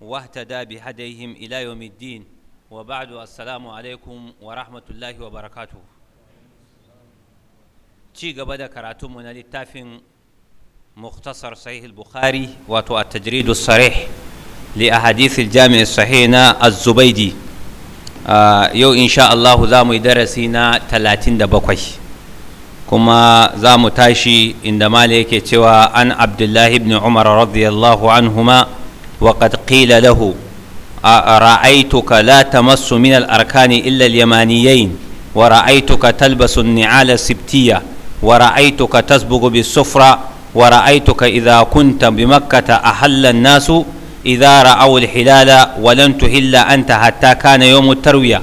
واهتدى بهديهم إلى يوم الدين وبعد السلام عليكم ورحمة الله وبركاته ci gaba da karatunmu na littafin muktasar sahih bukhari wato a tajridu sarih li a hadithin jami'in sahih na azubaidi yau insha Allah za mu yi darasi na bakwai. kuma za mu tashi inda mala yake cewa an abdullahi ibn umar radiyallahu anhuma وقد قيل له رأيتك لا تمس من الأركان إلا اليمانيين ورأيتك تلبس النعال السبتية ورأيتك تسبق بالسفرة ورأيتك إذا كنت بمكة أحل الناس إذا رأوا الحلال ولن تهل أنت حتى كان يوم التروية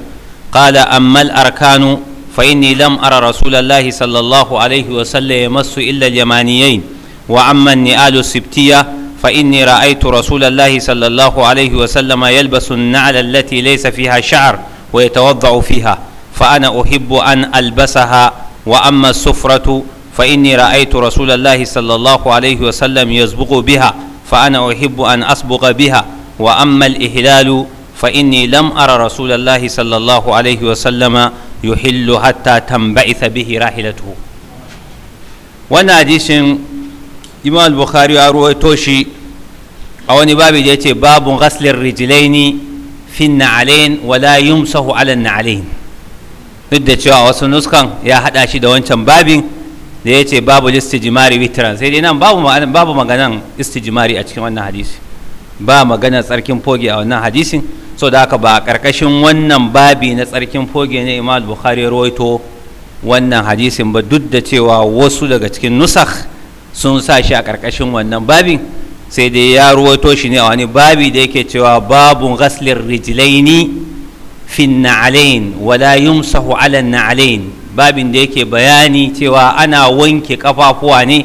قال أما الأركان فإني لم أرى رسول الله صلى الله عليه وسلم يمس إلا اليمانيين وأما النعال السبتية فإني رأيت رسول الله صلى الله عليه وسلم يلبس النعل التي ليس فيها شعر ويتوضع فيها فأنا أحب أن ألبسها وأما السفرة فإني رأيت رسول الله صلى الله عليه وسلم يسبق بها فأنا أحب أن أسبق بها وأما الإهلال فإني لم أرى رسول الله صلى الله عليه وسلم يحل حتى تنبعث به راحلته وانا حديث imam al-bukhari ya ruwaito shi a wani babi da ce babu ghaslin rijilaini fi na'alain wala yumsahu ala na'alain duk da cewa wasu nuskan ya hada shi da wancan babin da ya ce babu istijmari witran sai dai nan babu babu maganan istijmari a cikin wannan hadisi ba magana tsarkin foge a wannan hadisin so da haka ba a karkashin wannan babi na tsarkin foge ne imam al-bukhari ya ruwaito wannan hadisin ba duk da cewa wasu daga cikin nusakh sun sa shi a ƙarƙashin wannan babin sai dai ya ruwato shi ne a wani babi da yake cewa babun ghaslin rijilaini fin na'alain wala yumsahu ala na'alain babin da yake bayani cewa ana wanke kafafuwa ne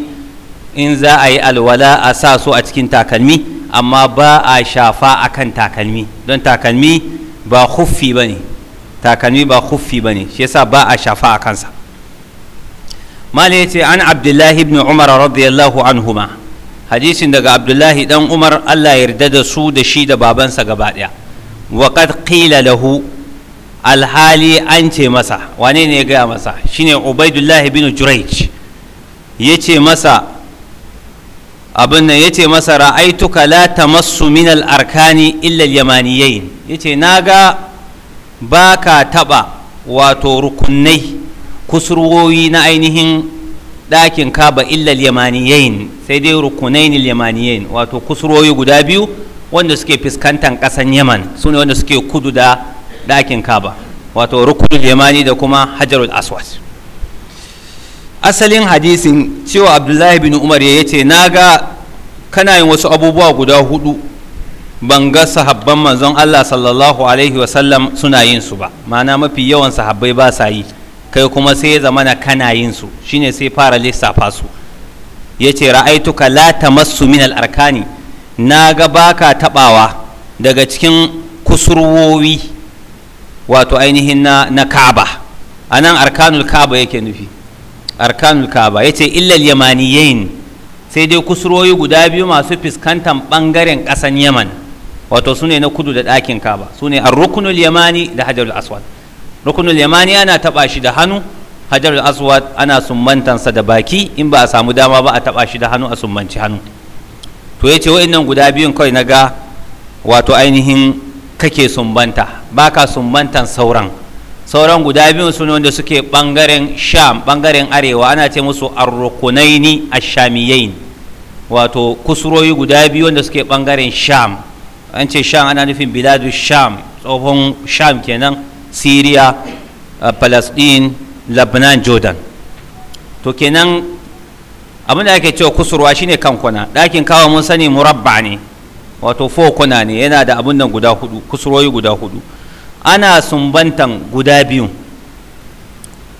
in za a yi alwala a sa su a cikin takalmi amma ba a shafa akan takalmi don takalmi ba huffi ba ne takalmi ba huffi ba ne shi yasa ba a shafa a kansa malai ce an abdullahi ibn umar radiyallahu anhuma hadisin daga abdullahi dan umar Allah ya yarda da su da shi da babansa gaba daya wa qad qila lahu alhali an ce masa wane ne ya gaya masa shine ubaidullah ibn jurayj yace masa abin nan yace masa ra'aituka la tamassu min al-arkani illa al-yamaniyain yace naga baka taba wato rukunai kusurwoyi na ainihin ɗakin kaba illal yamaniyain sai dai rukunain yamaniyain wato kusurwoyi guda biyu wanda suke fuskantar ƙasan yaman su ne wanda suke kudu da ɗakin kaba wato rukunul yamani da kuma hajarul aswad asalin hadisin cewa abdullahi bin umar ya ce na ga kana yin wasu abubuwa guda hudu ban ga sahabban manzon allah sallallahu alaihi wasallam suna yin su ba ma'ana mafi yawan sahabbai ba sa yi kai kuma sai ya zamana kana yin su shine sai fara lissafa su yace ra'aituka la tamassu min al-arkani ga baka tabawa daga cikin kusurwowi wato ainihin na na Ka'aba anan arkanul Ka'aba yake nufi arkanul Ka'aba yace illa al-yamaniyain sai dai kusurwoyi guda biyu masu fuskantar bangaren ƙasan Yaman wato sune na kudu da ɗakin Ka'aba sune ar-ruknul yamani da hajarul aswad Rukunin yamani ana taba shi da hannu hajar aswad ana sumantansa da baki in ba a samu dama ba a taba shi da hannu a sumbanci hannu to ya ce wa'annan guda biyun kawai na ga wato ainihin kake sumbanta baka sumbantan sauran sauran guda biyun su wanda suke bangaren sham bangaren arewa ana ce musu a ashamiyain wato kusuroyi guda biyu wanda suke bangaren sham an ce sham ana nufin biladu sham tsohon sham kenan syria uh, palestine lebanon jordan to kenan abin da ake cewa kusurwa shine kan kwana ɗakin kawo mun sani murabba ne wato fo kwana ne yana da abin nan guda hudu kusurwoyi guda hudu ana sumbantan guda biyu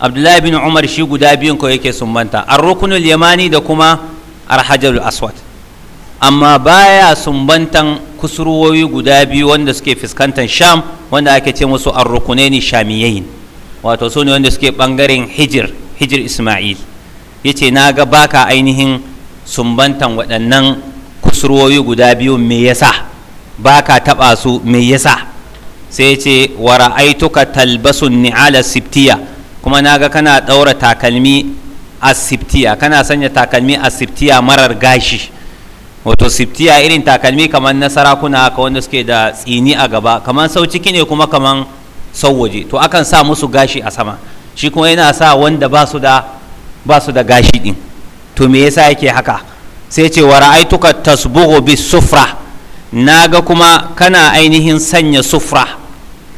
abdullahi bin umar shi guda biyun ko yake sumbanta ar rukunul yamani da kuma ar hajarul aswad amma baya sumbantan kusurwoyi guda biyu wanda suke fuskantar sham wanda ake ce musu arrukunaini shamiyayin wato su ne wanda suke bangaren hijir hijir ismail ya ce na ga baka ainihin sumbantan waɗannan kusurwoyi guda biyu me yasa baka taɓa su me yasa sai ce wa ra'aituka talbasun ni'ala siftiya kuma naga kana ɗaura takalmi a siftiya kana sanya takalmi a siftiya marar gashi wato siftiya irin takalmi kamar na sarakuna haka wanda suke da tsini a gaba kamar sau ciki ne kuma kamar sau waje to akan sa musu gashi a sama shi kuma yana sa wanda ba su da gashi din to me yasa yake haka sai ce wa ra'aituka tasbughu bis sufra naga kuma kana ainihin sanya sufra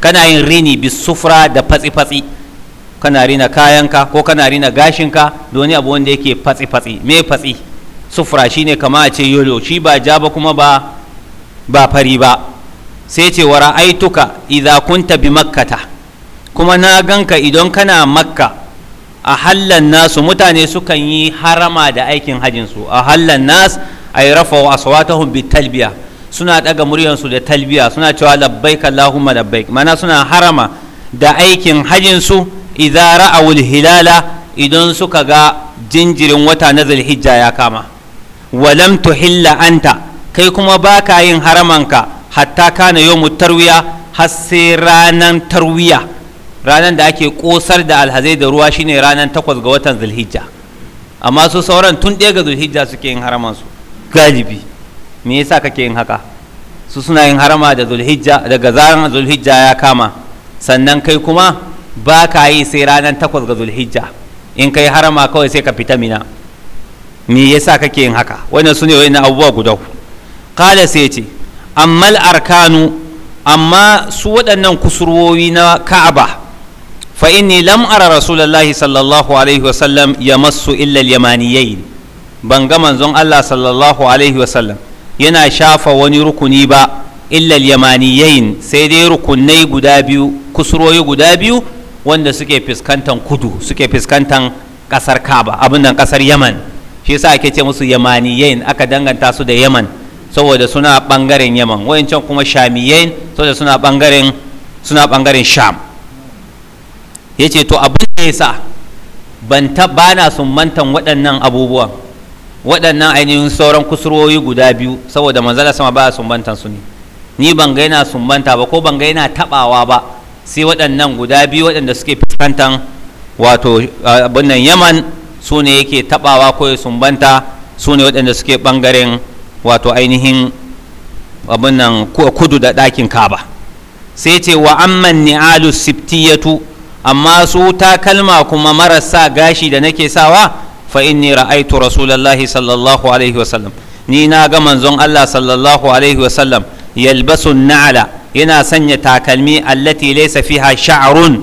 kana yin rini bis sufra da fatsi fatsi kana rina kayanka ko kana rina gashinka da wani abu wanda yake fatsi fatsi me fatsi sufra ne kama a ce yolo shi ba ja ba kuma ba ba fari ba sai ce wa ra'aituka idza kunta bi makkata kuma na ganka idan kana makka a hallan nasu mutane sukan yi harama da aikin hajin su a hallan nas ay rafa'u aswatahum bi talbiya suna daga su da talbiya suna cewa labbaik allahumma labbaik mana suna harama da aikin hajin su idza ra'awul hilala idan suka ga jinjirin wata na zulhijja ya kama walam tuhilla anta kai kuma baka yin haramanka hatta kana yawmu tarwiya har sai ranan tarwiya ranan da ake kosar da alhazai da ruwa shine ranan takwas ga watan zulhijja amma su sauran tun ɗaya ga zulhijja suke yin haraman su galibi me yasa kake yin haka su suna yin harama da zulhijja daga zaran zulhijja ya kama sannan kai kuma ba ka yi sai ranar takwas ga zulhijja in kai harama kawai sai ka fita mina me yasa kake yin haka wannan sune wayannan abubuwa guda kala sai ce ammal arkanu amma su waɗannan kusurwowi na ka'aba fa inni lam ara rasulullahi sallallahu alaihi wasallam yamassu illa al ban ga manzon Allah sallallahu alaihi wasallam yana shafa wani rukuni ba illal yamaniyai sai dai rukunai guda biyu kusurwoyi guda biyu wanda suke fiskantan kudu suke fuskantar kasar Kaaba abin nan kasar yaman shi yasa ake ce musu yamaniyain aka danganta su da yaman saboda suna bangaren yaman wayancan kuma shamiyain saboda suna bangaren suna bangaren sham yace to abin da yasa ban ta bana sumbantan waɗannan abubuwan waɗannan ainihin sauran kusurwoyi guda biyu saboda manzala sama ba sumbantan su ne ni ban ga yana sumbanta ba ko ban ga yana tabawa ba sai waɗannan guda biyu waɗanda suke fuskantan wato abin nan yaman su ne yake tabawa ko ya sumbanta su ne waɗanda suke ɓangaren wato ainihin abin nan kudu da ɗakin kaba sai ce wa amman ni'alu siftiyatu amma su takalma kuma marasa gashi da nake sawa fa inni ra'aitu rasulullahi sallallahu alaihi wasallam ni na ga manzon Allah sallallahu alaihi wasallam yalbasu na'ala yana sanya takalmi allati laysa fiha sha'run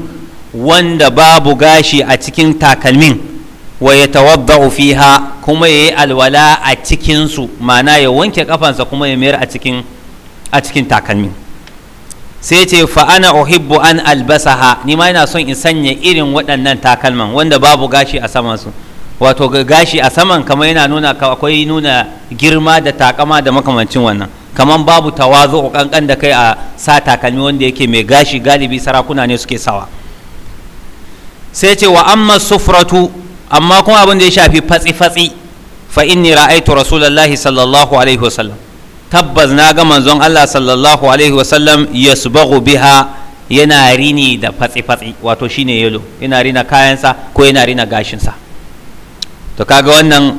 wanda babu gashi a cikin takalmin wa ya tawadda'u fiha kuma ya yi alwala a cikinsu mana ma'ana ya wanke kafansa kuma ya mayar a cikin takalmi sai ce fa ana uhibbu an albasaha ni ma yana son in sanya irin waɗannan takalman wanda babu gashi a saman su wato gashi a saman kama yana nuna akwai nuna girma da takama da makamancin wannan kaman babu tawazu kankan da kai a sa takalmi wanda yake mai gashi galibi sarakuna ne suke sawa sai ce wa amma sufratu amma kuma abin da ya shafi fatsi-fatsi fa inni ra'aitu rasulullahi sallallahu alaihi wasallam tabbas na ga manzon Allah sallallahu alaihi wasallam yasbaghu biha yana rini da fatsi-fatsi wato shine yelo yana rina kayansa ko yana rina gashinsa to kaga wannan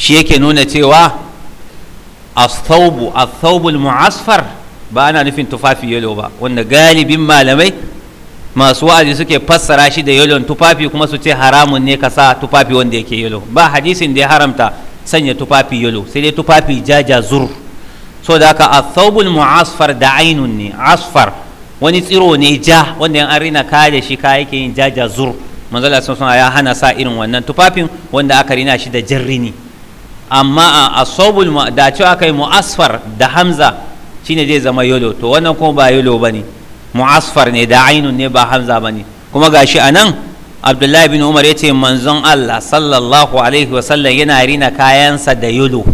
shi yake nuna cewa as-thawbu as-thawbul mu'asfar ba ana nufin tufafi yelo ba wanda galibin malamai masu wa'azi suke fassara shi da yalon tufafi kuma su ce haramun ne ka sa tufafi wanda yake yalo ba hadisin da ya haramta sanya tufafi yalo sai dai tufafi jaja zur so da haka athaubul mu'asfar da ainun ne asfar wani tsiro ne ja wanda 'yan arina kaya da shi kaya yake yin jaja zur manzala sun ya hana sa irin wannan tufafin wanda aka rina shi da jarrini amma a asabul da cewa kai mu'asfar da hamza shine zai zama yolo to wannan kuma ba yolo bane mu'asfar ne da ainun ne ba hamza ba ne kuma gashi a nan abdullahi bin umar ya ce manzon allah sallallahu alaihi wasallam yana rina kayansa da yolo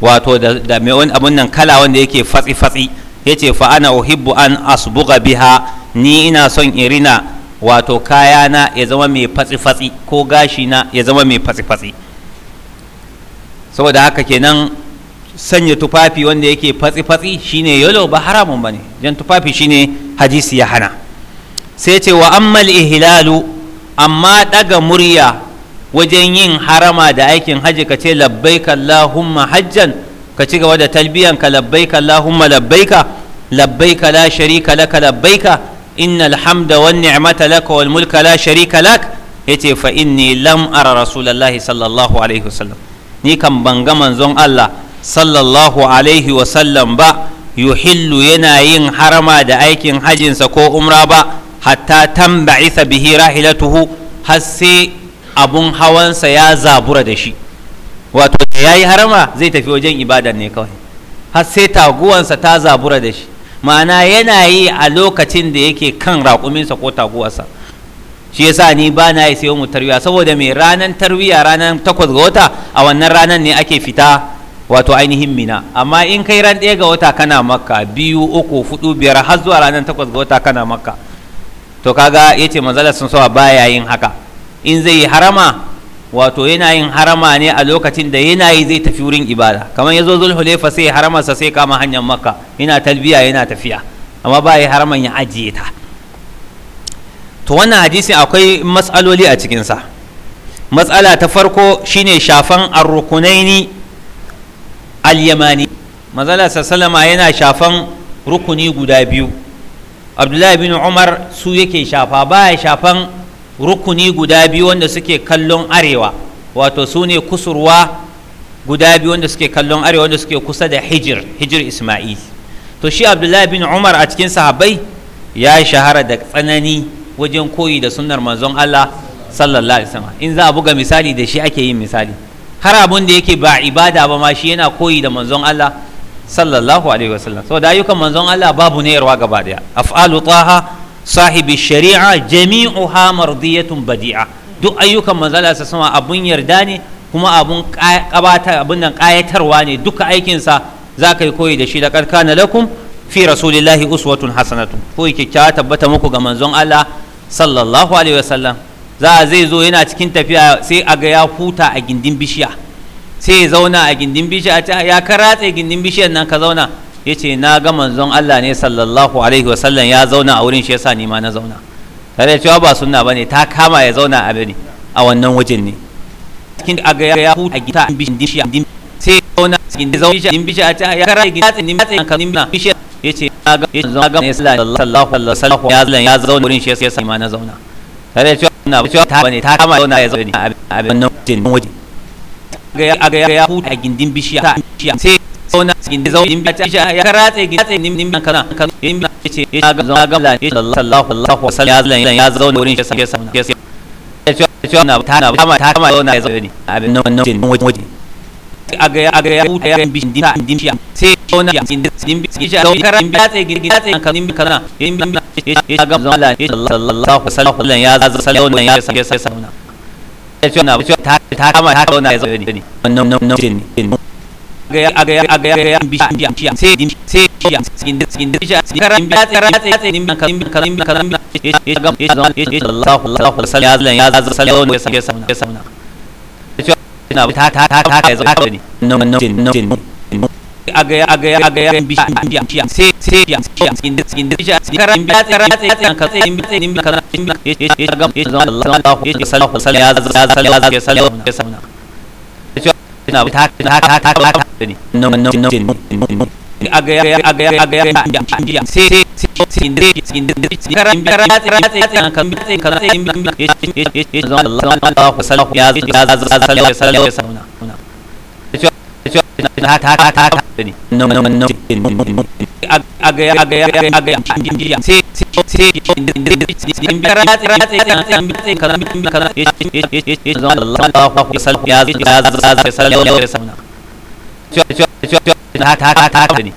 wato da mai abun nan kala wanda yake fatsi fatsi ya ce fa ana uhibbu an asbuga biha ni ina son in rina wato kayana ya zama mai fatsi fatsi ko gashina ya zama mai fatsi fatsi saboda haka kenan sanya tufafi wanda yake fatsi-fatsi shine yolo ba haramun ba ne jan tufafi shine hadisi ya hana sai ce wa ammal ihlalu amma daga murya wajen yin harama da aikin haji ka ce labbaika allahumma hajjan ka ci gaba da talbiyan ka labbaika allahumma labbaika labbaika la sharika laka labbaika innal hamda wan ni'mata laka wal mulka la sharika lak yace fa inni lam ara rasulullahi sallallahu alaihi wasallam ni kan banga manzon Allah sallallahu alaihi wasallam ba yuhillu yana yin harama da aikin hajinsa ko umra ba hatta tamba'isa bihi rahilatuhu har sai abun hawansa ya zabura da shi wato da yayi harama zai tafi wajen ibada ne kawai har sai taguwansa ta zabura da shi ma'ana yana yi a lokacin da yake kan raƙuminsa ko taguwarsa shi yasa ni ba na yi sayo mu tarwiya saboda mai ranar tarwiya ranar takwas ga wata a wannan ranar ne ake fita wato ainihin mina amma in kai ran ɗaya ga wata kana makka biyu uku hudu biyar har zuwa ranar takwas ga wata kana makka to kaga ya ce manzala sun sawa baya yin haka in zai yi harama wato yana yin harama ne a lokacin da yana yi zai tafi wurin ibada kamar ya zo zulhulefa sai haramarsa sai kama hanyar makka yana talbiya yana tafiya amma ba ya haraman ya ajiye ta to wannan hadisin akwai matsaloli a cikinsa matsala ta farko shine shafan arrukunaini al-yamani manzala sallama yana shafan rukuni guda biyu abdullahi bin umar su yake shafa baya shafan rukuni guda biyu wanda suke kallon arewa wato su ne kusurwa guda biyu wanda suke kallon arewa wanda suke kusa da hijir hijir isma'il to shi abdullahi bin umar a cikin sahabbai ya shahara da tsanani wajen koyi da sunnar manzon allah sallallahu alaihi wasallam in za a buga misali da shi ake yin misali har abun da yake ba ibada ba ma shi yana koyi da manzon Allah sallallahu alaihi wasallam da ayyukan manzon Allah babu ne yarwa gaba daya af'alu taha sahibi shari'a jami'uha mardiyatun badi'a duk ayyukan manzon Allah sallallahu abun yarda ne kuma abun kabata abun nan kayatarwa ne duka aikinsa za ka yi koyi da shi da karkana lakum fi rasulillahi uswatun hasanatu ko kyakkyawa tabbata muku ga manzon Allah sallallahu alaihi wasallam za zai zo yana cikin tafiya sai a ga ya huta a gindin bishiya sai ya zauna a gindin bishiya ta ya karatse gindin bishiyar nan ka zauna ya ce na ga manzon Allah ne sallallahu alaihi wasallam ya zauna a wurin shi yasa ni ma na zauna tare cewa ba sunna bane ta kama ya zauna a bane a wannan wajen ne cikin a ga ya huta a gindin bishiya sai ya zauna a gindin bishiya ta ya karatse gindin bishiya kan gindin bishiya ya ce na ga manzon Allah ne sallallahu alaihi wasallam ya zauna wurin shi yasa ni ma na zauna tare cewa na cewa ta bane ta kama zauna ya zaune a abin nan jin waje aga ya ya huta a gindin bishiya ta bishiya sai zauna gindin zauna gindin bishiya ya karatse gindin nim nim kana kan nim yace ya ga zauna ga Allah sallallahu alaihi wasallam ya zauna ya zauna wurin shi sai sai sai ya cewa na ta na kama ta kama zauna ya zaune a abin nan jin waje aga ya aga ya huta ya gindin ta gindin bishiya sai zauna gindin gindin bishiya zauna karatse gindin gindin kana kan nim kana nim ya ga zama Allah sallallahu alaihi wasallam ya zaza sallallahu alaihi wasallam ya sai sauna ya ce na ta ta kama ta kauna ya zo ne wannan nan nan ne ga ya ga ya ga ya ga bi bi sai din sai ya cikin cikin bisha karan ya tsara ya tsara din kan kan kan ya ga ya zama sallallahu alaihi wasallam ya zaza sallallahu alaihi wasallam ya sauna ya ce na ta ta ta ta ya zo ne nan nan nan agaya agaya agaya bisha bisha se se ya ya inda inda bisha kara inda kara kan ka inda inda kara inda ya ga Allah ya sallahu ya sallahu ya sallahu ya sallahu na ta ta ta ta ta ni no no no agaya agaya agaya ya ya se se inda inda kara inda kara kan ka inda kara inda ya Allah ya sallahu ya sallahu ya sallahu ya sallahu tani no no no a gaya a gaya a gaya sai sai in bi ratsi ratsi in bi ratsi kaza in bi kaza Allahu akbar sallallahu ya ya sallallahu alaihi wasallam ta ta ta ta tani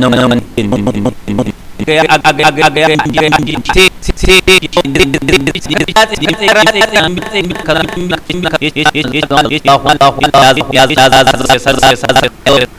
no no no gaya a gaya a gaya sai sai Allahu akbar ya ya sallallahu alaihi wasallam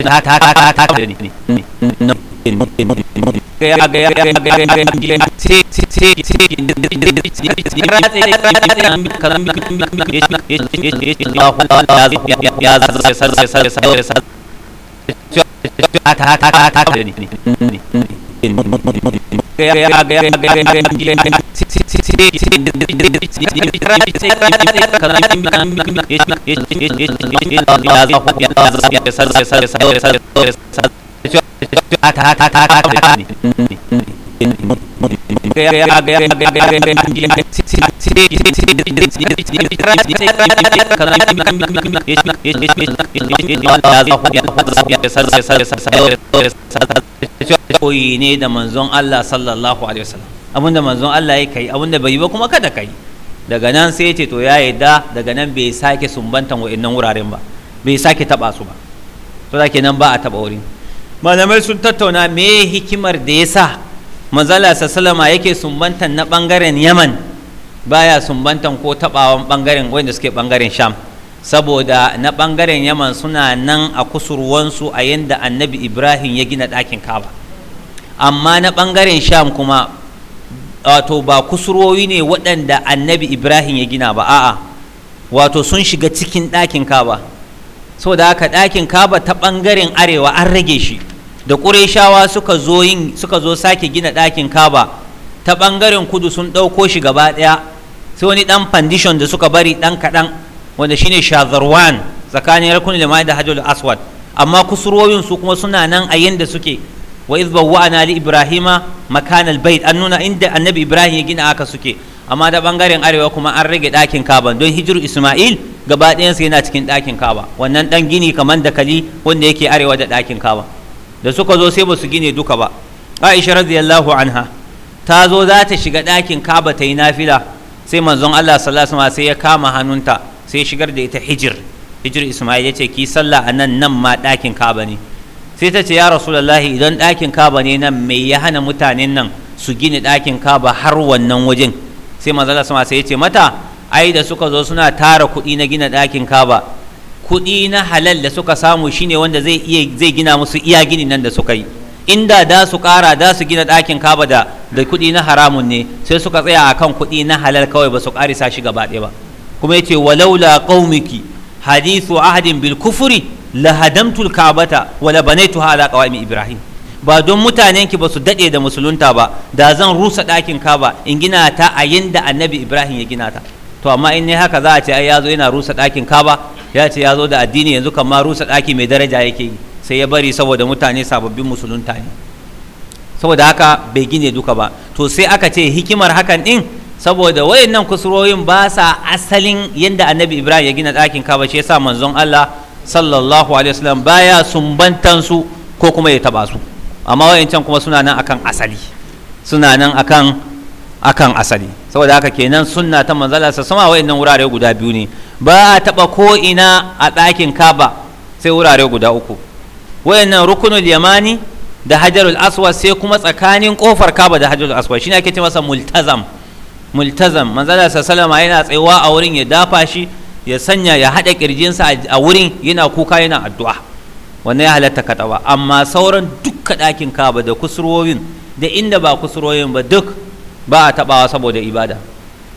Sí, sí, sí, koyi ne da manzon Allah sallallahu alaihi wasallam abinda manzon Allah ya kai abinda bai yi ba kuma kada kai daga nan sai ya ce to ya yadda daga nan bai sake sumbantan wa'annan wuraren ba bai sake taba su ba to da kenan ba a taba wurin malamai sun tattauna me hikimar da ya sa manzala sallama yake sumbantan na bangaren yaman baya sumbantan ko tabawan bangaren wanda suke bangaren sham saboda na bangaren yaman suna nan a kusurwansu a yadda annabi ibrahim ya gina ɗakin kaba amma na bangaren sham kuma wato ba kusurwoyi ne waɗanda annabi ibrahim ya gina ba a'a wato sun shiga cikin ɗakin kaba da haka ɗakin kaba ta ɓangaren arewa an rage shi da ƙureshawa suka zo sake gina ɗakin kaba ta ɓangaren kudu sun ɗauko shi gaba ɗaya sai wani ɗan fandishon da suka bari ɗan kaɗan wanda shine shazarwan tsakanin yarkun limai da hajjul aswad amma kusurwoyin su kuma suna nan a yadda suke wa idh bawwa'na li ibrahima makanal bait an nuna inda annabi ibrahim ya gina aka suke amma da bangaren arewa kuma an rage ɗakin kaba don hijiru isma'il gaba ɗayansa yana cikin ɗakin kaba wannan dan gini kamar dakali wanda yake arewa da dakin kaba da suka zo sai basu su gine duka ba aisha radiyallahu anha ta zo zata shiga dakin kaba ta yi nafila sai manzon allah sallallahu alaihi sai ya kama hannunta sai shigar da ita hijir hijir isma'il ya ce ki sallah a nan nan ma ɗakin kaba ne sai ta ce ya lallahi idan ɗakin kaba ne nan mai ya hana mutanen nan su gini ɗakin kaba har wannan wajen sai manzala sama sai ya ce mata ai da suka zo suna tara kuɗi na gina ɗakin kaba kuɗi na halal da suka samu shine wanda zai iya zai gina musu iya gini nan da suka yi inda da su kara da su gina ɗakin kaba da da kuɗi na haramun ne sai suka tsaya akan kuɗi na halal kawai ba su ƙarisa shi gaba ɗaya ba kuma yace walaula qaumiki hadithu ahadin bil kufri lahadamtul kabata wala banaituha ala qawami ibrahim ba don mutanen ki ba su dade da musulunta ba da zan rusa ɗakin kaba in gina ta a yadda annabi ibrahim ya gina ta to amma in ne haka za a ce ai yazo yana rusa ɗakin kaba ya ce yazo da addini yanzu kan ma rusa ɗaki mai daraja yake yi sai ya bari saboda mutane sababbin musulunta ne saboda haka bai gine duka ba to sai aka ce hikimar hakan din saboda wayannan kusurorin ba sa asalin yanda annabi ibrahim ya gina ɗakin kaba shi yasa manzon allah sallallahu alaihi wasallam baya sumbantan su ko kuma ya taba su amma wayancan kuma suna nan akan asali suna nan akan akan asali saboda haka kenan sunna ta manzala sa sama wayannan wurare guda biyu ne ba a taba ko ina a ɗakin kaba sai wurare guda uku wayannan rukunul yamani da hajarul aswad sai kuma tsakanin kofar kaba da hajarul aswad shine ake ce masa multazam multazam manzala sa sallama yana tsayuwa a wurin ya dafa shi ya sanya ya haɗa ƙirjinsa a wurin yana kuka yana addu'a wannan ya halatta kaɗawa amma sauran dukka ɗakin kaba da kusurwoyin da inda ba kusurwoyin ba duk ba a taɓawa saboda ibada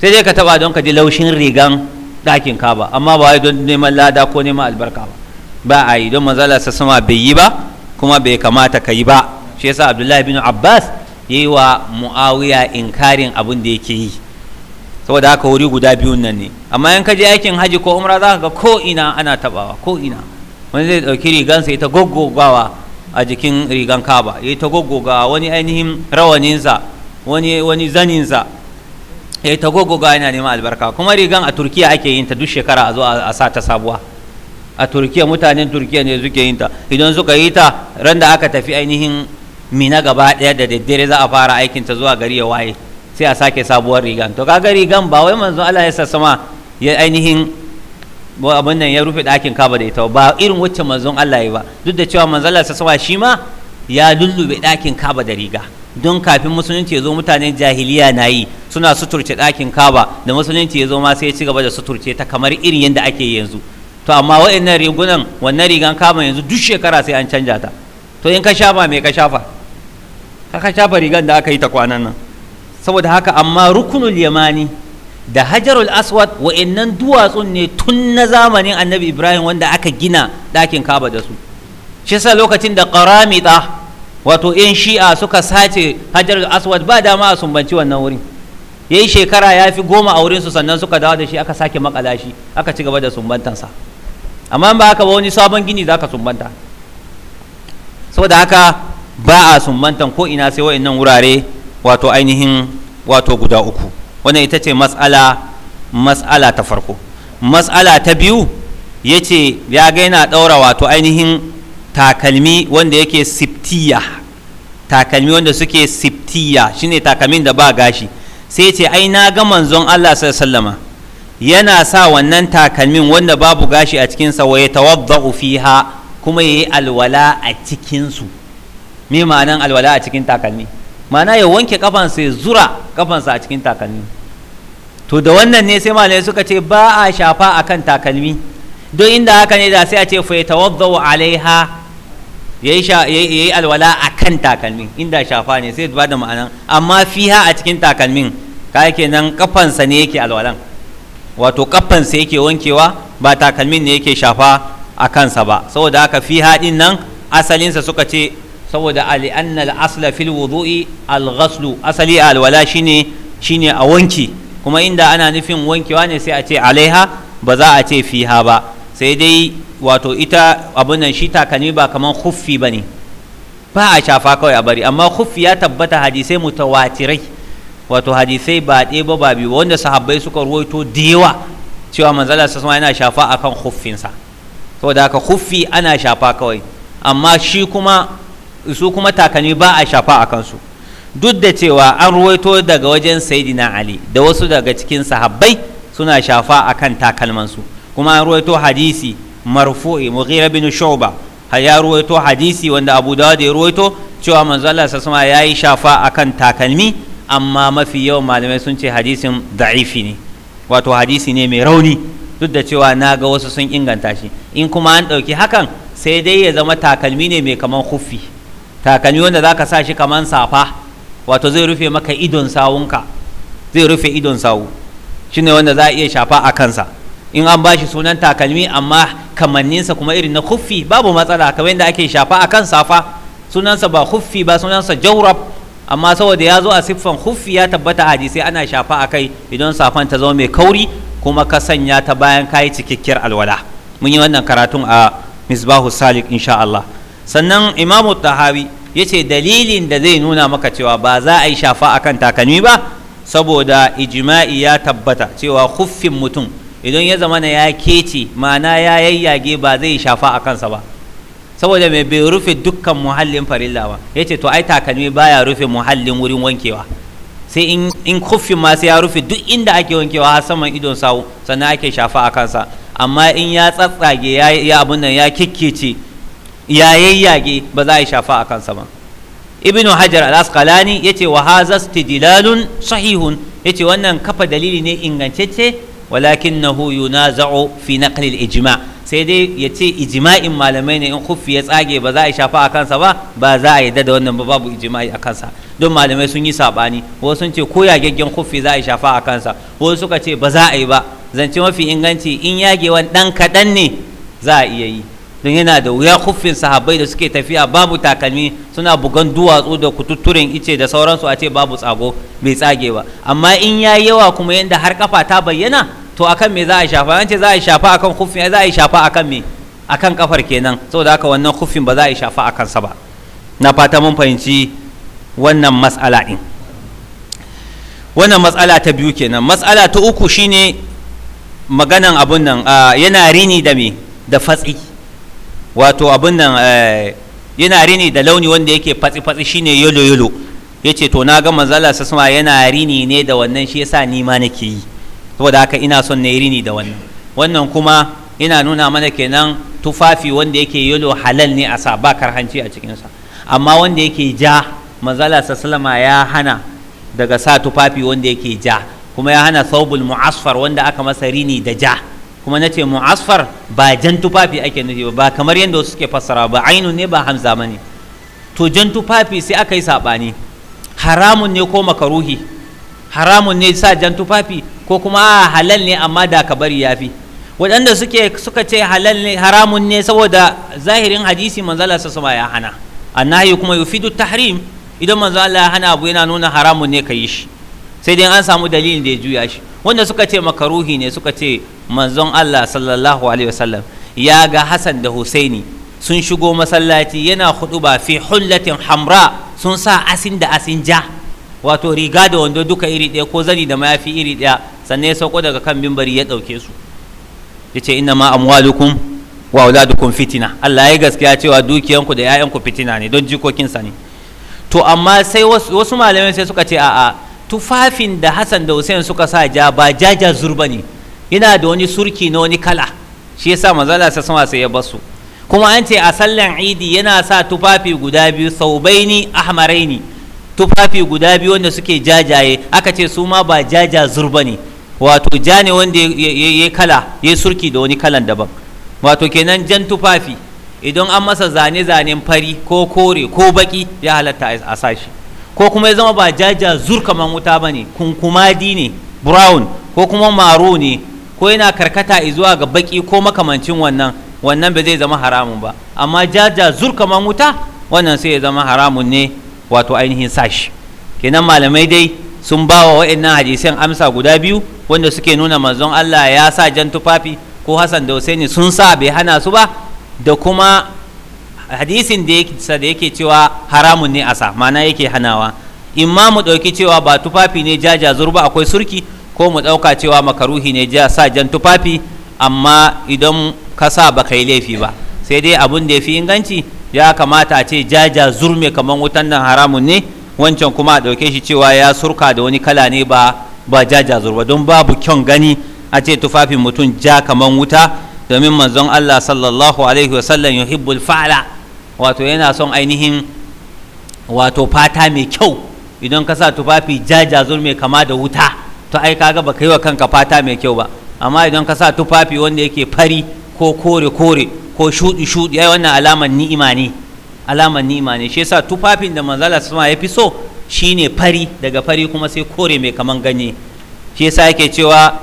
sai dai ka taɓa don ka ji laushin rigan ɗakin kaba amma ba wai don neman lada ko neman albarka ba ba a yi don manzala sa sama bai yi ba kuma bai kamata ka yi ba shi yasa abdullahi bin abbas ya yi wa mu'awiya inkarin abin da yake yi saboda haka wuri guda biyun nan ne amma in ka je aikin haji ko umra za ka ga ko ina ana tabawa ko ina wani zai dauki rigansa ya ta goggogawa a jikin rigan kaba ya ta goggogawa wani ainihin rawaninsa wani wani zaninsa ya ta goggogawa yana neman albarka kuma rigan a turkiya ake yin ta duk shekara a zo a sa ta sabuwa a turkiya mutanen turkiya ne suke yin ta idan suka yi ta randa aka tafi ainihin mina gaba ɗaya da daddare za a fara aikin ta zuwa gari ya waye sai a sake sabuwar rigan to kaga rigan ba wai manzon Allah ya ma ya ainihin abin nan ya rufe dakin kaba da ita ba irin wacce manzon Allah ya ba duk da cewa manzon Allah sassa shi ma ya lullube dakin kaba da riga don kafin musulunci ya zo mutanen jahiliya na yi suna suturce dakin kaba da musulunci ya zo ma sai ya ci gaba da suturce ta kamar irin yadda ake yanzu to amma wa'annan rigunan wannan rigan kaba yanzu duk shekara sai an canja ta to in ka shafa me ka shafa ka shafa rigan da aka yi ta kwanan nan saboda haka amma rukunul yamani da hajarul aswad wa'annan duwatsun ne tun na zamanin annabi ibrahim wanda aka gina ɗakin kaba da su shi sa lokacin da karamita wato yan shi'a suka sace hajarul aswad ba dama a sumbanci wannan wurin ya yi shekara ya fi goma a wurinsu sannan suka dawo da shi aka sake makala shi aka ci gaba da sumbantansa amma ba haka ba wani sabon gini za ka sumbanta saboda haka ba a sumbantan ko ina sai wa'annan wurare wato ainihin wato guda uku wannan ita ce matsala matsala ta farko matsala ta biyu ya ce ya ga yana ɗaura wato ainihin takalmi wanda yake siftiya takalmi wanda suke siftiya shine takalmin da ba gashi sai ce ai na ga manzon Allah sallama yana sa wannan takalmin wanda babu gashi a cikinsa wa ya tawadda'u fiha kuma ya yi alwala a cikinsu me ma'anan alwala a cikin takalmi ma'ana ya wanke kafansa ya zura kafansa a cikin takalmi to da wannan ne sai malamai suka ce ba a shafa a kan takalmi don inda haka ne da sai a ce fa wa alaiha yi alwala a kan takalmin inda shafa ne sai ba da ma'anan amma fiha a cikin takalmin ka nan kafansa ne yake alwalan wato kafansa yake wankewa ba takalmin ne yake shafa a kansa ba saboda haka fiha din nan asalinsa suka ce saboda ali annal asla fil wudu'i al ghaslu asali alwala shine shine a wanki kuma inda ana nufin wankewa ne sai a ce alaiha ba za a ce fiha ba sai dai wato ita abin nan shi takalmi ba kaman khuffi bane ba a shafa kawai a bari amma khuffi ya tabbata hadisai mutawatirai wato hadisai ba ɗaya ba ba biyu wanda sahabbai suka ruwaito da yawa cewa manzala sa yana shafa akan khuffinsa saboda haka khuffi ana shafa kawai amma shi kuma su kuma takalmi ba a shafa a kansu duk da cewa an ruwaito daga wajen saidina ali da wasu daga cikin sahabbai suna shafa a kan takalmansu kuma an ruwaito hadisi marfu'i mughira bin shu'ba ya ruwaito hadisi wanda abu dawud ya ruwaito cewa manzo Allah ya yi shafa a kan takalmi amma mafi yawan malamai sun ce hadisin da'ifi ne wato hadisi ne mai rauni duk da cewa na ga wasu sun inganta shi in kuma an ɗauki hakan sai dai ya zama takalmi ne mai kaman huffi takalmi wanda za ka sa shi kaman safa wato zai rufe maka idon sawunka zai rufe idon sawu ne wanda za a iya shafa a kansa in an bashi sunan takalmi amma kamanninsa kuma irin na kuffi babu matsala kamar yadda ake shafa a kan safa sunansa ba kuffi ba sunansa jaurab amma saboda ya zo a siffan kuffi ya tabbata sai ana shafa a kai idan safan ta zama mai kauri kuma ka sanya ta bayan kayi cikakkiyar alwala mun yi wannan karatun a misbahu salik insha Allah sannan imamu tahawi ya ce dalilin da zai nuna maka cewa ba za a yi shafa kan takalmi ba saboda ijma'i ya tabbata cewa kuffin mutum idan ya zama na ya kece ma'ana ya yayyage ba zai shafa a kansa ba saboda mai bai rufe dukkan muhallin farilla ba ya ce to ai takalmi baya rufe muhallin wurin wankewa sai in kuffin ma ya rufe duk inda ake wankewa har saman idon sawu sannan ake shafa a kansa amma in ya tsatsage ya abin nan ya kikkece ya yayyage ba za a shafa a kansa ba ibnu hajar al-asqalani yace wa hadha istidlalun sahihun yace wannan kafa dalili ne ingantacce walakinahu yunaza'u fi naqli al-ijma sai dai yace ijma'in malamai ne in khuffi ya tsage ba za a shafa a kansa ba ba za a yadda da wannan ba babu ijma'i a kansa don malamai sun yi sabani wasu sun ce ko yagaggen khuffi za a shafa a kansa wasu suka ce ba za a yi ba zance mafi inganci in yagewan dan kadan ne za a iya yi don yana da wuya kuffin sahabbai da suke tafiya babu takalmi suna bugan duwatsu da kututturen ice da sauransu a ce babu tsago mai tsage ba amma in ya yawa kuma yadda har kafa ta bayyana to akan me za a shafa an ce za a shafa akan kuffin za a shafa akan me akan kafar kenan saboda haka wannan kuffin ba za a shafa akan sa ba na fata mun fahimci wannan mas'ala din wannan matsala ta biyu kenan matsala ta uku shine maganan abun nan yana rini da me da fatsi wato abin nan eh, yana rini da launi wanda yake fatsi-fatsi shine yolo-yolo ya ce to na ga manzala sassama yana rini ne da wannan shi yasa ni ma nake yi saboda haka ina son na rini da wannan wannan kuma ina nuna mana kenan tufafi wanda yake yolo halal ne a sa ba karhanci a cikinsa amma wanda yake ja manzala sassama ya hana daga sa tufafi wanda yake ja kuma ya hana saubul mu'asfar wanda aka masa rini da ja kuma na ce mu'asfar ba jan tufafi ake nufi ba kamar yadda wasu suke fassara ba ainu ne ba hamza ba ne to jan tufafi sai aka yi saɓani haramun ne ko makaruhi haramun ne sa jan tufafi ko kuma halal ne amma da ka bari ya fi waɗanda suke suka ce halal ne haramun ne saboda zahirin hadisi manzala sa suma ya hana annahi kuma yufidu tahrim idan manzala ya hana abu yana nuna haramun ne ka yi shi sai dai an samu dalilin da ya juya shi wanda suka ce makaruhi ne suka ce manzon Allah sallallahu alaihi wasallam ya ga Hassan da Husaini sun shigo masallaci yana ba fi hullatin hamra sun sa asin da asin ja wato riga da wando duka iri ɗaya ko zani da mayafi iri ɗaya sannan ya sauko daga kan mimbari ya ɗauke su Ya ce ina ma amwalukum wa auladukum fitina Allah ya gaskiya cewa dukiyanku da 'ya'yanku fitina ne don jikokinsa ne to amma sai wasu malamai sai suka ce a'a tufafin da Hassan da Hussein suka sa ja ba jaja zurba ne yana da wani surki na wani kala shi yasa manzala sa sama sai ya basu kuma an ce a sallan idi yana sa tufafi guda biyu saubaini ahmaraini tufafi guda biyu wanda suke jajaye aka ce su ma ba jaja zurba ne wato ja ne wanda ya kala ya surki da wani kalan daban wato kenan jan tufafi idan an masa zane-zanen fari ko kore ko baki ya halatta a sashi ko kuma ya zama ba jaja zur kamar wuta ne kunkumadi ne brown ko kuma maro ne ko yana karkata zuwa ga baki ko makamancin wannan wannan ba zai zama haramun ba amma jaja zur kamar wuta wannan sai ya zama haramun ne wato ainihin sashi kenan malamai dai sun ba wa wa'annan hadisan amsa guda biyu wanda suke nuna manzon Allah ya sa jan tufafi ko Hassan da Husaini sun sa bai hana su ba da kuma hadisin da yake da yake cewa haramun ne asa mana yake hanawa in mu ɗauki cewa ba tufafi ne jaja zurba akwai surki ko mu ɗauka cewa makaruhi ne ja sa jan tufafi amma idan ka sa ba ka yi laifi ba sai dai abun da ya fi inganci ya kamata a ce jaja zurme kamar wutan nan haramun ne wancan kuma a ɗauke shi cewa ya surka da wani kala ne ba ba jaja zurba don babu kyan gani a ce tufafin mutum ja kamar wuta domin manzon Allah sallallahu alaihi wasallam yuhibbul fa'la wato yana son ainihin wato fata mai kyau idan ka sa tufafi jajazur mai kama da wuta to ai kaga ba ka yi wa kanka fata mai kyau ba amma idan ka sa tufafi wanda yake fari ko kore kore ko shudi shudi ai wannan alaman ni'ima ne alaman ni'ima ne shi yasa tufafin da manzala sama ya fi so shine fari daga fari kuma sai kore mai kaman ganye shi yasa yake cewa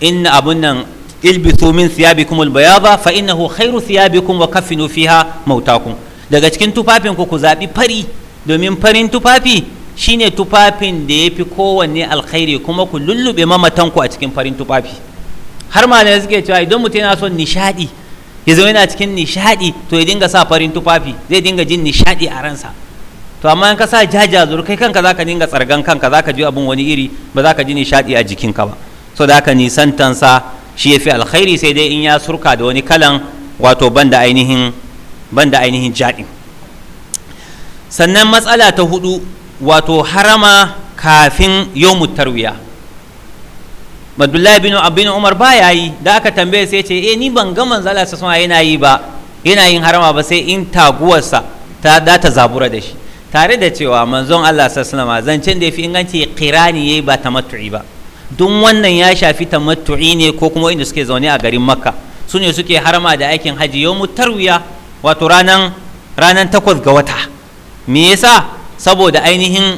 inna abun nan ilbisu min siyabikum albayada fa innahu khairu siyabikum wa kafinu fiha mautakum daga cikin tufafin ku ku zaɓi fari domin farin tufafi shine tufafin da ya fi kowanne alkhairi kuma ku lullube mamatanku a cikin farin tufafi har ma da suke cewa idan mutum yana son nishaɗi ya zama yana cikin nishaɗi to ya dinga sa farin tufafi zai dinga jin nishaɗi a ransa to amma in ka sa jajazur kai kanka zaka dinga tsargan kanka zaka ji abin wani iri ba ka ji nishaɗi a jikinka ba so da haka nisantansa shi ya fi alkhairi sai dai in ya surka da wani kalan wato ban da ainihin Ban da ainihin jaɗi sannan matsala ta hudu wato harama kafin yawmu tarwiya madullahi bin Abin Umar ba ya yi da aka tambaye sai ce eh ni ban ga manzala sa suna yana yi ba yana yin harama ba sai in taguwarsa ta data zabura da shi tare da cewa manzon Allah sallallahu alaihi zancen da yafi inganci qirani yayi ba tamattu'i ba duk wannan ya shafi tamattu'i ne ko kuma inda suke zaune a garin Makka su ne suke harama da aikin haji yawmu tarwiya wato ranan ranan takwas ga wata me yasa saboda ainihin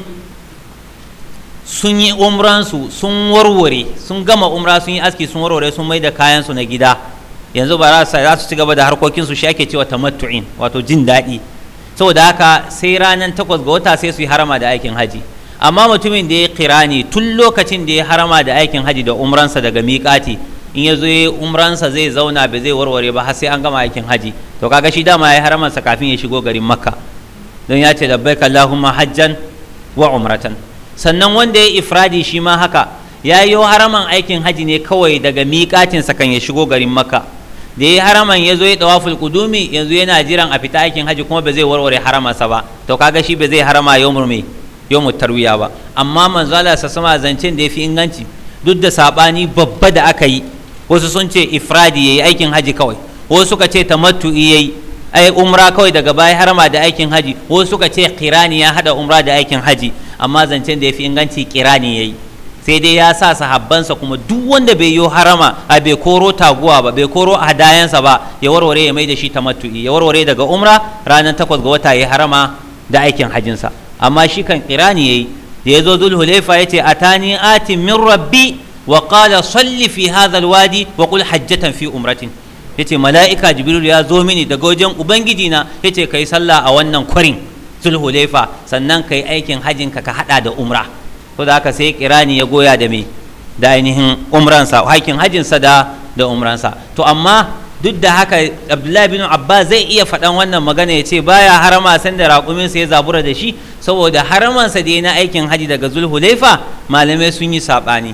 sun yi umransu sun warware sun gama umra sun yi aski sun warware sun mai da kayansu na gida yanzu ba za su ci gaba da harkokinsu shi ake cewa tamattu'in wato jin daɗi saboda haka sai ranan takwas ga wata sai su yi harama da aikin haji amma mutumin da ya kirani tun lokacin da ya harama da aikin haji da umransa daga miƙati in ya zo umransa zai zauna ba zai warware ba har sai an gama aikin haji to kaga shi dama ya haraman sa kafin ya shigo garin makka don ya ce labbaik allahumma hajjan wa umratan sannan wanda ya ifradi shi ma haka ya yi haraman aikin haji ne kawai daga miƙatin sa kan ya shigo garin makka da ya haraman ya zo ya tawaful kudumi yanzu yana jiran a fita aikin haji kuma ba zai warware sa ba to kaga shi ba zai harama yawmur mai yawmur tarwiya ba amma manzo Allah sa sama zancen da yafi inganci duk da sabani babba da aka yi wasu sun ce ifradi yayi aikin haji kawai wasu suka ce tamattu'i yayi ai umra kawai daga baya harama da aikin haji wasu suka ce kirani ya hada umra da aikin haji amma zancen da yafi inganci kirani yayi sai dai ya sa sahabbansa kuma duk wanda bai yi harama a bai koro taguwa ba bai koro hadayansa ba ya warware ya mai da shi tamattu'i ya warware daga umra ranar takwas ga wata ya harama da aikin hajinsa amma shi kan kirani yayi da ya zo zulhulaifa ya ce atani atin min rabbi wa qala salli fi hadha alwadi wa qul hajjatan fi umratin yace mala'ika jibril ya zo mini daga wajen ubangiji na yace kayi sallah a wannan kwarin zulhulefa sannan yi aikin hajinka ka ka hada da umra ko da haka sai kirani ya goya da mai da ainihin umransa haikin hajinsa da da umransa to amma duk da haka abdullahi bin abba zai iya faɗan wannan magana ya ce baya harama san da raƙuminsa ya zabura da shi saboda haramansa da ya na aikin hajji daga zulhulaifa malamai sun yi saɓani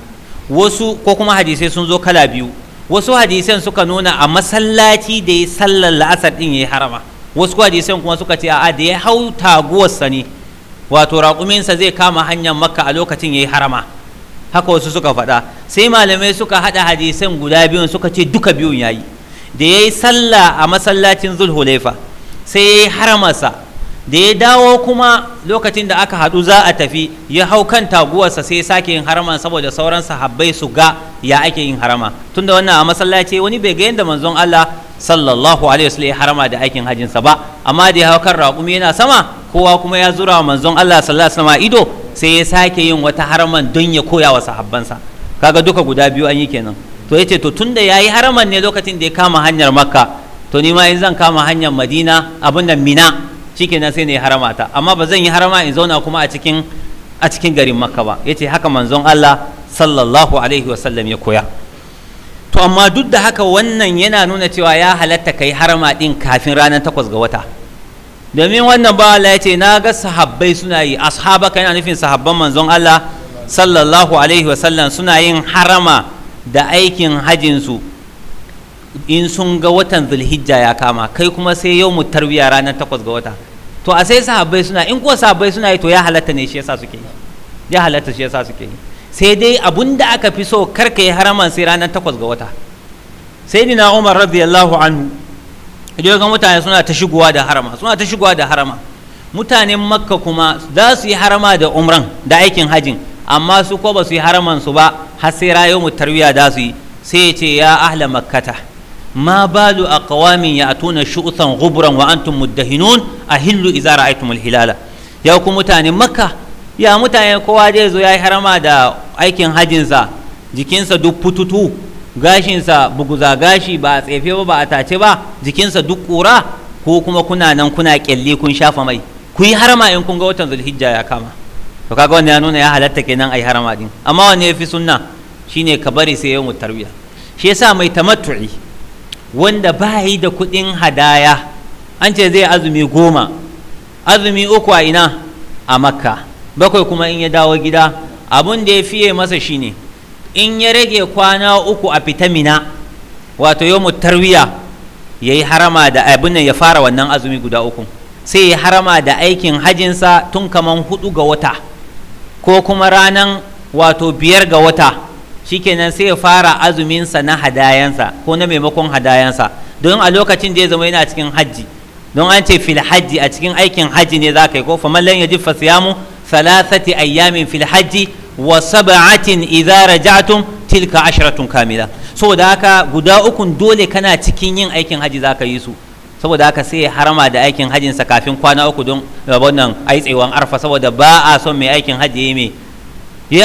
wasu ko kuma hadisai sun zo kala biyu wasu hadisan suka nuna a masallaci da ya sallar la'asar din yi harama wasu hadisan kuma suka ce a da ya hau taguwarsa ne wato raƙuminsa zai kama hanyar makka a lokacin ya yi harama haka wasu suka faɗa sai malamai suka haɗa hadisan guda biyun suka ce duka biyun ya yi da ya yi sallah a masallacin zulhulaifa sai ya yi haramarsa da ya dawo kuma lokacin da aka haɗu za a tafi ya hau kan taguwarsa sai ya sake yin haraman saboda sauran sahabbai su ga ya ake yin harama tunda wannan a masallaci wani bai ga yadda manzon Allah sallallahu alaihi wasallam ya harama da aikin hajin sa ba amma da ya hawa kan raƙumi yana sama kowa kuma ya zura wa manzon Allah sallallahu alaihi wasallam ido sai ya sake yin wata haraman don ya koya wa sahabbansa kaga duka guda biyu an yi kenan to yace to tunda yayi haraman ne lokacin da ya kama hanyar makka to ni ma in zan kama hanyar madina abin da mina shikenan sai ne harama ta amma ba zan yi harama in zauna kuma a cikin a cikin garin makka ba yace haka manzon Allah sallallahu alaihi wasallam ya koya to amma duk da haka wannan yana nuna cewa ya halatta kai harama din kafin ranar takwas ga wata domin wannan ba Allah ya ce na ga sahabbai suna yi ashabaka yana nufin sahabban manzon Allah sallallahu alaihi wasallam suna yin harama da aikin hajinsu in sun ga watan zulhijja ya kama kai kuma sai yau mu tarbiya ranar takwas ga wata to a sai sahabbai suna in kuwa sahabbai suna yi to ya halatta ne shi yasa suke yi ya halatta shi yasa suke yi sai dai abun da aka fi so kar ka yi haraman sai ranar takwas ga wata sai dina umar radiyallahu anhu idan ga mutane suna ta shigowa da harama suna ta shigowa da harama mutanen makka kuma za su yi harama da umran da aikin hajin amma su ko ba su yi haraman su ba har sai rayomu tarwiya da su yi sai ce ya ahla makkata ma balu aqwamin ya'tuna shu'than ghubran wa antum muddahinun ahillu idza ra'aytumul hilala ya ku mutanen makka ya mutane kowa zai zo ya yi harama da aikin hajinsa jikinsa duk fututu gashinsa buguza gashi ba a tsefe ba ba a tace ba jikinsa duk ƙura ko kuma kuna nan kuna ƙyalli kun shafa mai ku yi harama in kun ga watan zulhijja ya kama to kaga wanda ya nuna ya halatta kenan ai harama din amma wanne ya fi sunna shine ka bari sai yau tarbiya shi yasa mai tamattu'i wanda ba yi da kuɗin hadaya an ce zai azumi goma azumi uku a ina a makka bakwai kuma in ya dawo gida abun da ya fiye masa shine in ya rage kwana uku a fita mina wato yau tarwiya ya yi harama da abin ya fara wannan azumi guda uku sai ya harama da aikin hajinsa tun kaman hudu ga wata ko kuma ranan wato biyar ga wata shi shikenan sai ya fara azuminsa na hadayansa ko na maimakon hadayansa don a lokacin da ya zama yana cikin hajji don an ce fil hajji a cikin aikin hajji ne za ka yi ko faman lan yajib siyamu thalathati ayyamin filhaji hajji wa sab'atin idza raja'tum tilka asharatun kamila saboda haka guda ukun dole kana cikin yin aikin haji zaka yi su saboda haka sai ya harama da aikin hajin kafin kwana uku don wannan aitsewan arfa saboda ba a son mai aikin haji ya mai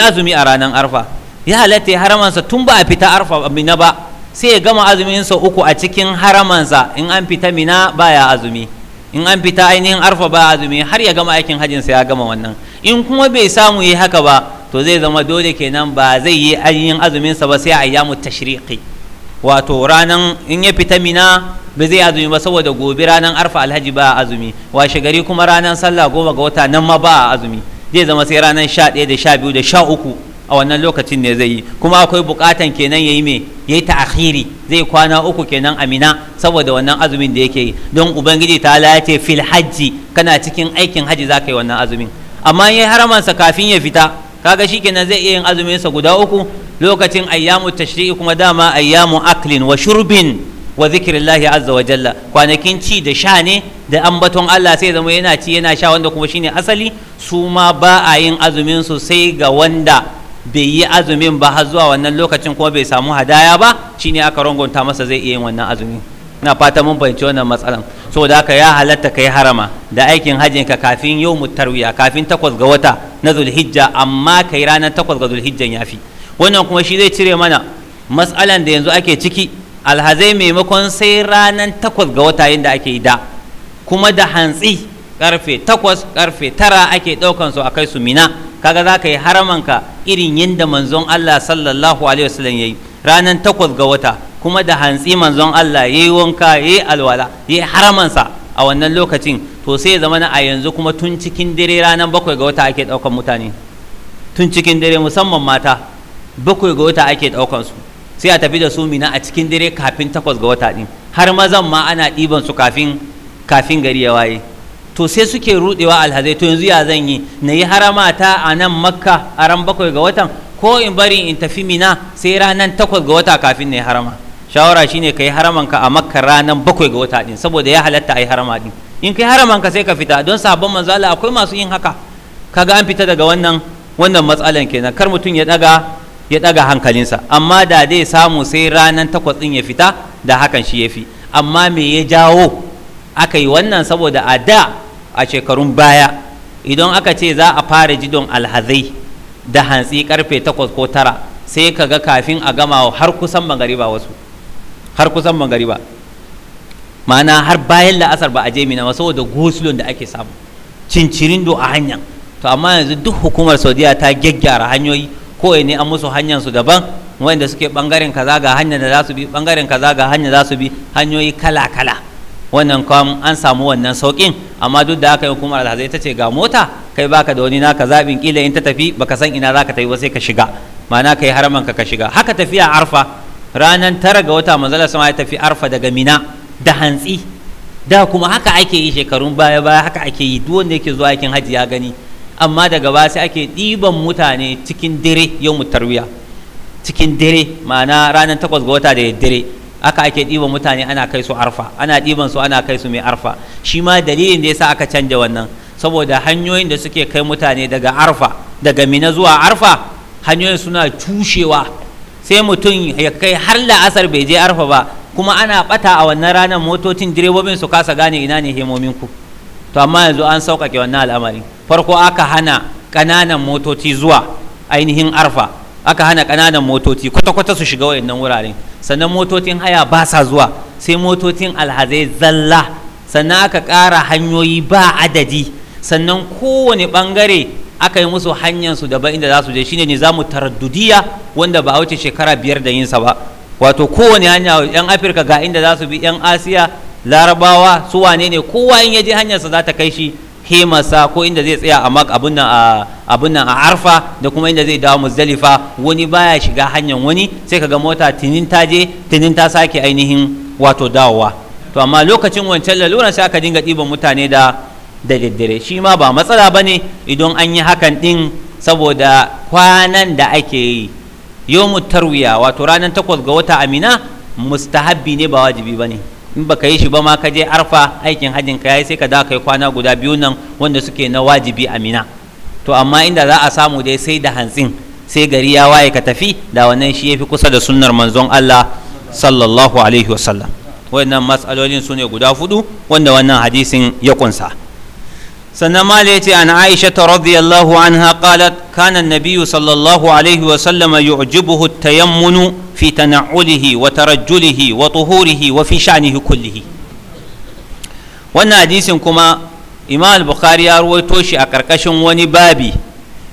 azumi a ranar arfa ya halatta ya haramarsa tun ba a fita arfa mina ba sai ya gama azumin sa uku a cikin haramansa in an fita mina baya azumi in an fita ainihin arfa ba azumi har ya gama aikin hajjin sa ya gama wannan in kuma bai samu yi haka ba to zai zama dole kenan ba zai yi ainihin azumin sa ba sai ayyamu tashriqi wato ranan in ya fita mina ba zai azumi ba saboda gobe ranan arfa alhaji ba azumi washe gari kuma ranan sallah goma ga wata nan ma ba azumi zai zama sai ranan sha ɗaya da sha biyu da sha uku a wannan lokacin ne zai yi kuma akwai bukatan kenan yayi me yayi ta'khiri zai kwana uku kenan amina saboda wannan azumin da yake yi don ubangiji ta ce fil hajji kana cikin aikin hajji zaka yi wannan azumin amma yi haramansa kafin ya fita kaga kenan zai iya yin azumin sa guda uku lokacin ayyamu tashri'i kuma dama ayyamu aklin wa shurbin wa zikirillahi azza wa jalla kwanakin ci da sha ne da ambaton Allah sai zama yana ci yana sha wanda kuma shine asali su ma ba a yin azumin su sai ga wanda bai yi azumin ba har zuwa wannan lokacin kuma bai samu hadaya ba shine aka rangonta masa zai iya yin wannan azumin na fata mun fahimci wannan matsalan da aka ya halatta kai harama da aikin hajjin ka kafin yau tarwiya kafin takwas ga wata na zulhijja amma kai ranar takwas ga ya yafi wannan kuma shi zai cire mana matsalan da yanzu ake ciki alhazai maimakon sai ranar takwas ga wata yadda ake yi da kuma da hantsi karfe takwas karfe tara ake ɗaukan su a kai su mina kaga za ka yi haramanka irin yadda manzon Allah sallallahu alaihi wasallam yi ranar takwas ga wata kuma da hantsi manzon Allah ya yi wanka ya yi alwala ya yi haramansa a wannan lokacin to sai ya zama a yanzu kuma tun cikin dare ranar bakwai ga wata ake ɗaukan mutane tun cikin dare musamman mata bakwai ga wata ake ɗaukan su sai a tafi da su mina a cikin dare kafin takwas ga wata ɗin har mazan ma ana ɗiban su kafin kafin gari ya waye to sai suke rudewa alhazai to yanzu ya zan yi na yi haramata a nan makka a ran bakwai ga watan ko in bari in tafi mina sai ranar takwas ga wata kafin na yi harama shawara shine ka yi haramanka a makka ranar bakwai ga wata din saboda ya halatta a yi harama din in ka yi haramanka sai ka fita don sabon Allah akwai masu yin haka kaga an fita daga wannan wannan matsalan kenan kar mutum ya daga ya daga hankalinsa amma da dai samu sai ranar takwas ɗin ya fita da hakan shi ya fi amma me ya jawo aka yi wannan saboda a da a shekarun baya idan aka ce za a fara jidon alhazai da hantsi karfe takwas ko tara sai ka ga kafin a gama har kusan magariba wasu har kusan magariba ma'ana har bayan la'asar ba a je mina saboda gosulon da ake samu cincirin do a hanyar to amma yanzu duk hukumar saudiya ta gyaggyara hanyoyi ko ne an musu hanyar su daban wanda suke bangaren kaza ga hanyar da za su bi bangaren kaza ga hanyar za su bi hanyoyi kala kala wannan kam an samu wannan saukin amma duk da aka yi hukumar alhazai ta ce ga mota kai baka da wani naka zaɓin kila in ta tafi baka san ina zaka tafi ba sai ka shiga ma'ana kai haraman ka ka shiga haka tafiya arfa Ranar tara ga wata manzala sama ya tafi arfa daga mina da hantsi da kuma haka ake yi shekarun baya baya haka ake yi duk wanda yake zuwa aikin hajji ya gani amma daga baya sai ake ɗiban mutane cikin dare yau mu cikin dare ma'ana ranar takwas ga wata da dare aka ake ɗiban mutane ana kai su arfa ana ɗiban su ana kai su mai arfa shi ma dalilin da sa aka canja wannan saboda hanyoyin da suke kai mutane daga arfa daga mina zuwa arfa hanyoyin suna cushewa sai mutum ya kai har la'asar bai je arfa ba kuma ana bata a wannan ranar motocin direbobin su kasa gane ina ne hemomin ku to amma yanzu an sauƙaƙe wannan al'amari farko aka hana ƙananan motoci zuwa ainihin arfa aka hana ƙananan motoci kwata-kwata su shiga wayannan wuraren sannan motocin haya ba sa zuwa sai motocin alhazai zalla sannan aka kara hanyoyi ba adadi sannan kowane ɓangare aka yi musu hanyarsu daban inda za su je shine nizamu taraddudiya wanda ba a wuce shekara biyar da yinsa ba wato kowane hanya yan afirka ga inda za su bi yan asiya larabawa su wane ne kowa in ya je hanyarsa za ta kai shi himasa ko inda zai tsaya a mak abun nan a abun arfa da kuma inda zai dawo muzdalifa wani baya shiga hanyar wani sai kaga mota tinin ta je tinin ta sake ainihin wato dawowa to amma lokacin wancan lalura sai aka dinga ɗiban mutane da da daddare shi ma ba matsala bane idan an yi hakan din saboda kwanan da ake yi mu tarwiya wato ranar takwas ga wata amina mustahabbi ne ba wajibi bane ne in ka yi shi ba ma ka je arfa aikin hajjin ka yayi sai ka da kai kwana guda biyu nan wanda suke na wajibi a mina to amma inda za a samu dai sai da hantsin sai gari ya waye ka tafi da wannan shi yafi kusa da sunnar manzon Allah sallallahu alaihi wasallam wannan su sune guda fudu wanda wannan hadisin ya kunsa sannan mala ya ce an aisha ta radiyallahu anha qalat kana nabiyyu sallallahu alaihi wasallam yu'jibuhu tayammunu في تنعله وترجله وطهوره وفي شأنه كله wannan hadisin kuma imam al-bukhari ya ruwaito shi a karkashin wani babi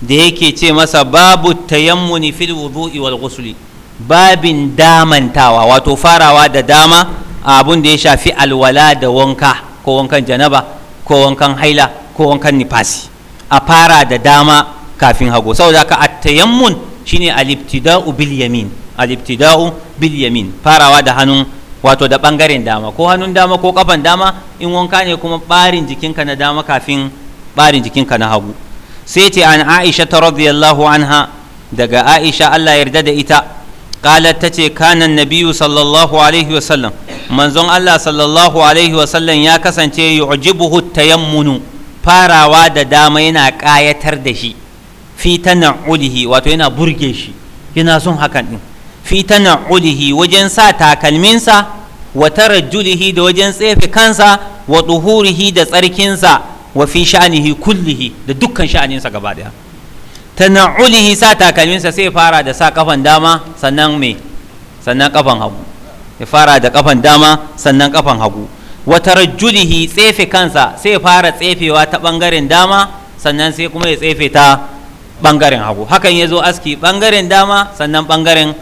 da yake ce masa babu tayammuni fil wudu'i wal ghusli babin damantawa wato farawa da dama abun da ya shafi alwala da wanka ko wankan janaba ko wankan haila ko wankan nifasi a fara da dama kafin hago saboda haka at-tayammun shine al-ibtida'u bil yamin al-ibtida'u bil yamin farawa da hannun wato da bangaren dama ko hannun dama ko kafan dama in wanka ne kuma barin jikinka na dama kafin barin jikinka na hagu sai ce an Aisha ta radiyallahu anha daga Aisha Allah yarda da ita qalat tace kana nabiyyu sallallahu alaihi sallam manzon Allah sallallahu alaihi sallam ya kasance yu'jibuhu tayammunu farawa da dama yana kayatar da shi fi tana'ulihi wato yana burge shi yana son hakan din fi tana'udihi wajen sa takalminsa wa tarajjulihi da wajen tsefe kansa wa duhurihi da tsarkinsa wa fi sha'anihi kullihi da dukkan sha'aninsa gaba daya tana'ulihi sa takalminsa sai fara da sa kafan dama sannan me sannan kafan hagu ya fara da kafan dama sannan kafan hagu wa tarajjulihi tsefe kansa sai fara tsefewa ta bangaren dama sannan sai kuma ya tsefe ta bangaren hagu hakan ya zo aski bangaren dama sannan bangaren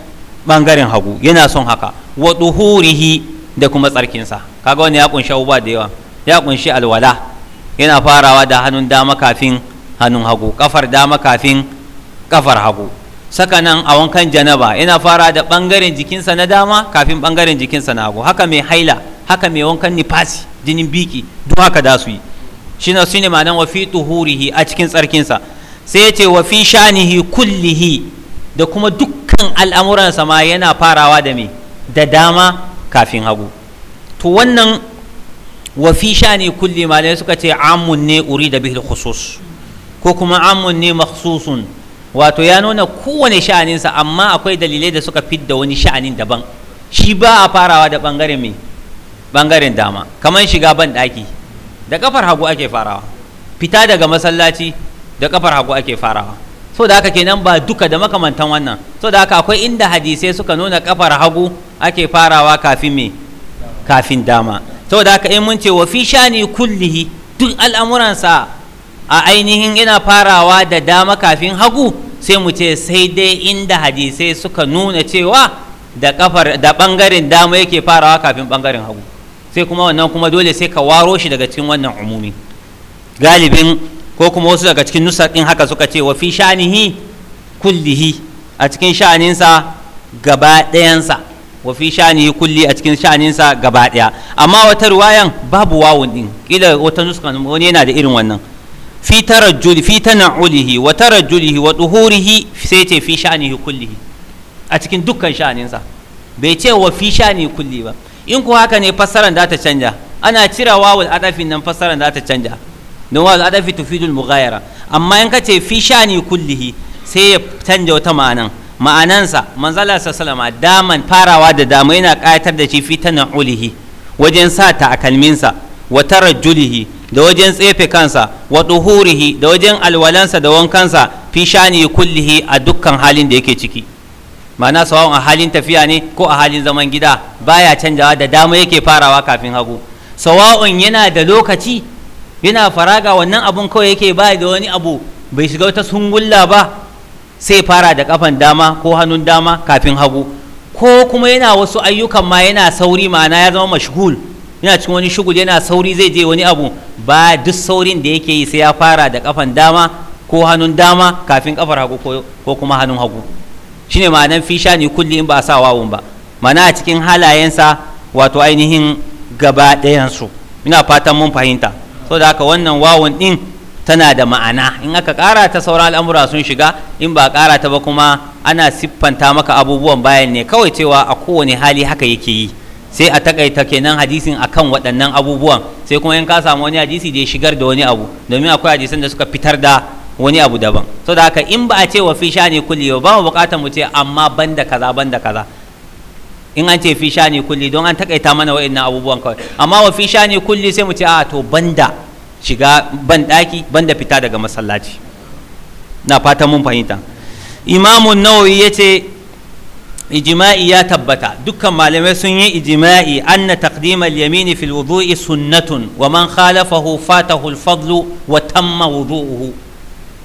bangaren hagu yana son haka wa duhurihi da kuma tsarkinsa kaga wani ya kunshi abubuwa da yawa ya kunshi alwala yana farawa da hannun dama kafin hannun hagu kafar dama kafin kafar hagu saka nan a wankan janaba yana fara da bangaren jikinsa na dama kafin bangaren jikinsa na hagu haka mai haila haka mai wankan nifasi jinin biki duk haka da su yi shi na su ne ma'anan wa fi tuhurihi a cikin tsarkinsa sai ya ce wa fi shanihi kullihi da kuma duk dukkan al'amuransa ma yana farawa da me da dama kafin hagu to wannan wafi shani kulli malamai suka ce amun ne uri da bihil khusus ko kuma amun ne makhsusun wato ya nuna kowane sha'aninsa amma akwai dalilai da suka fidda wani sha'anin daban shi ba a farawa da bangaren me bangaren dama kamar shiga ban daki da kafar hagu ake farawa fita daga masallaci da kafar hagu ake farawa so da haka kenan ba duka da makamantan wannan so da haka akwai inda hadisai suka nuna kafar hagu ake farawa kafin me kafin dama so da haka in mun ce wa fi shani kullihi duk al'amuransa a ainihin ina farawa da dama kafin hagu sai mu ce sai dai inda hadisai suka nuna cewa da kafar da bangaren dama yake farawa kafin bangaren hagu sai kuma wannan kuma dole sai ka waro shi daga cikin wannan umumi galibin ko kuma wasu daga cikin nusa ɗin haka suka ce wa fi shanihi kullihi a cikin sha'aninsa gaba ɗayansa wa fi shanihi kulli a cikin sha'aninsa gaba ɗaya amma wata ruwayan babu wawun ɗin kila wata nuska wani yana da irin wannan fi ta fi tana'ulihi wa tarajjulihi wa duhurihi sai ce fi shanihi kullihi a cikin dukkan sha'aninsa bai ce wa fi shani kulli ba in ko haka ne fassarar da ta canja ana cire wawul adafin nan fassarar da ta canja don wa al'adafi tufidul mughayara amma in kace fi shani kullihi sai ya canja wata ma'anan ma'anansa manzala sallama daman farawa da dama yana kayatar da shi fi ulihi wajen sa ta akalminsa wa tarajjulihi da wajen tsefe kansa wa duhurihi da wajen alwalansa da wankansa fi shani kullihi a dukkan halin da yake ciki ma'ana sawan a halin tafiya ne ko a halin zaman gida baya canjawa da dama yake farawa kafin hagu sawa'un yana da lokaci yana faraga wannan abun kawai yake ba da wani abu bai shiga wata sungulla ba sai fara da kafan dama ko hannun dama kafin hagu ko kuma yana wasu ayyukan ma yana sauri ma'ana ya zama mashgul yana cikin wani shugul yana sauri zai je wani abu ba duk saurin da yake yi sai ya fara da kafan dama ko hannun dama kafin kafar hagu ko kuma hannun hagu shine ma'anan fisha ne kulli in ba sa wawun ba ma'ana a cikin halayensa wato ainihin gaba ɗayansu ina fatan mun fahimta so da haka wannan wawan din tana da ma'ana in aka kara ta sauran al'amura sun shiga in ba kara ta ba kuma ana siffanta maka abubuwan bayan ne kawai cewa a kowane hali haka yake yi sai a takaita kenan hadisin akan waɗannan abubuwan sai kuma in ka samu wani hadisi da ya shigar da wani abu domin akwai hadisan da suka fitar da wani abu daban so da haka in ba a ce wa fi sha ne kulli ba mu bukata mu ce amma banda kaza banda kaza in an ce fi shani kulli don an takaita mana wa'annan abubuwan kawai amma wa fi shani kulli sai mu ce a to banda shiga ban daki banda fita daga masallaci na fata mun fahimta imamun nawawi yace ijma'i ya tabbata dukkan malamai sun yi ijma'i anna taqdim al-yamin fi al-wudu'i sunnatun wa man khalafahu fatahu al-fadlu wa tamma wudu'uhu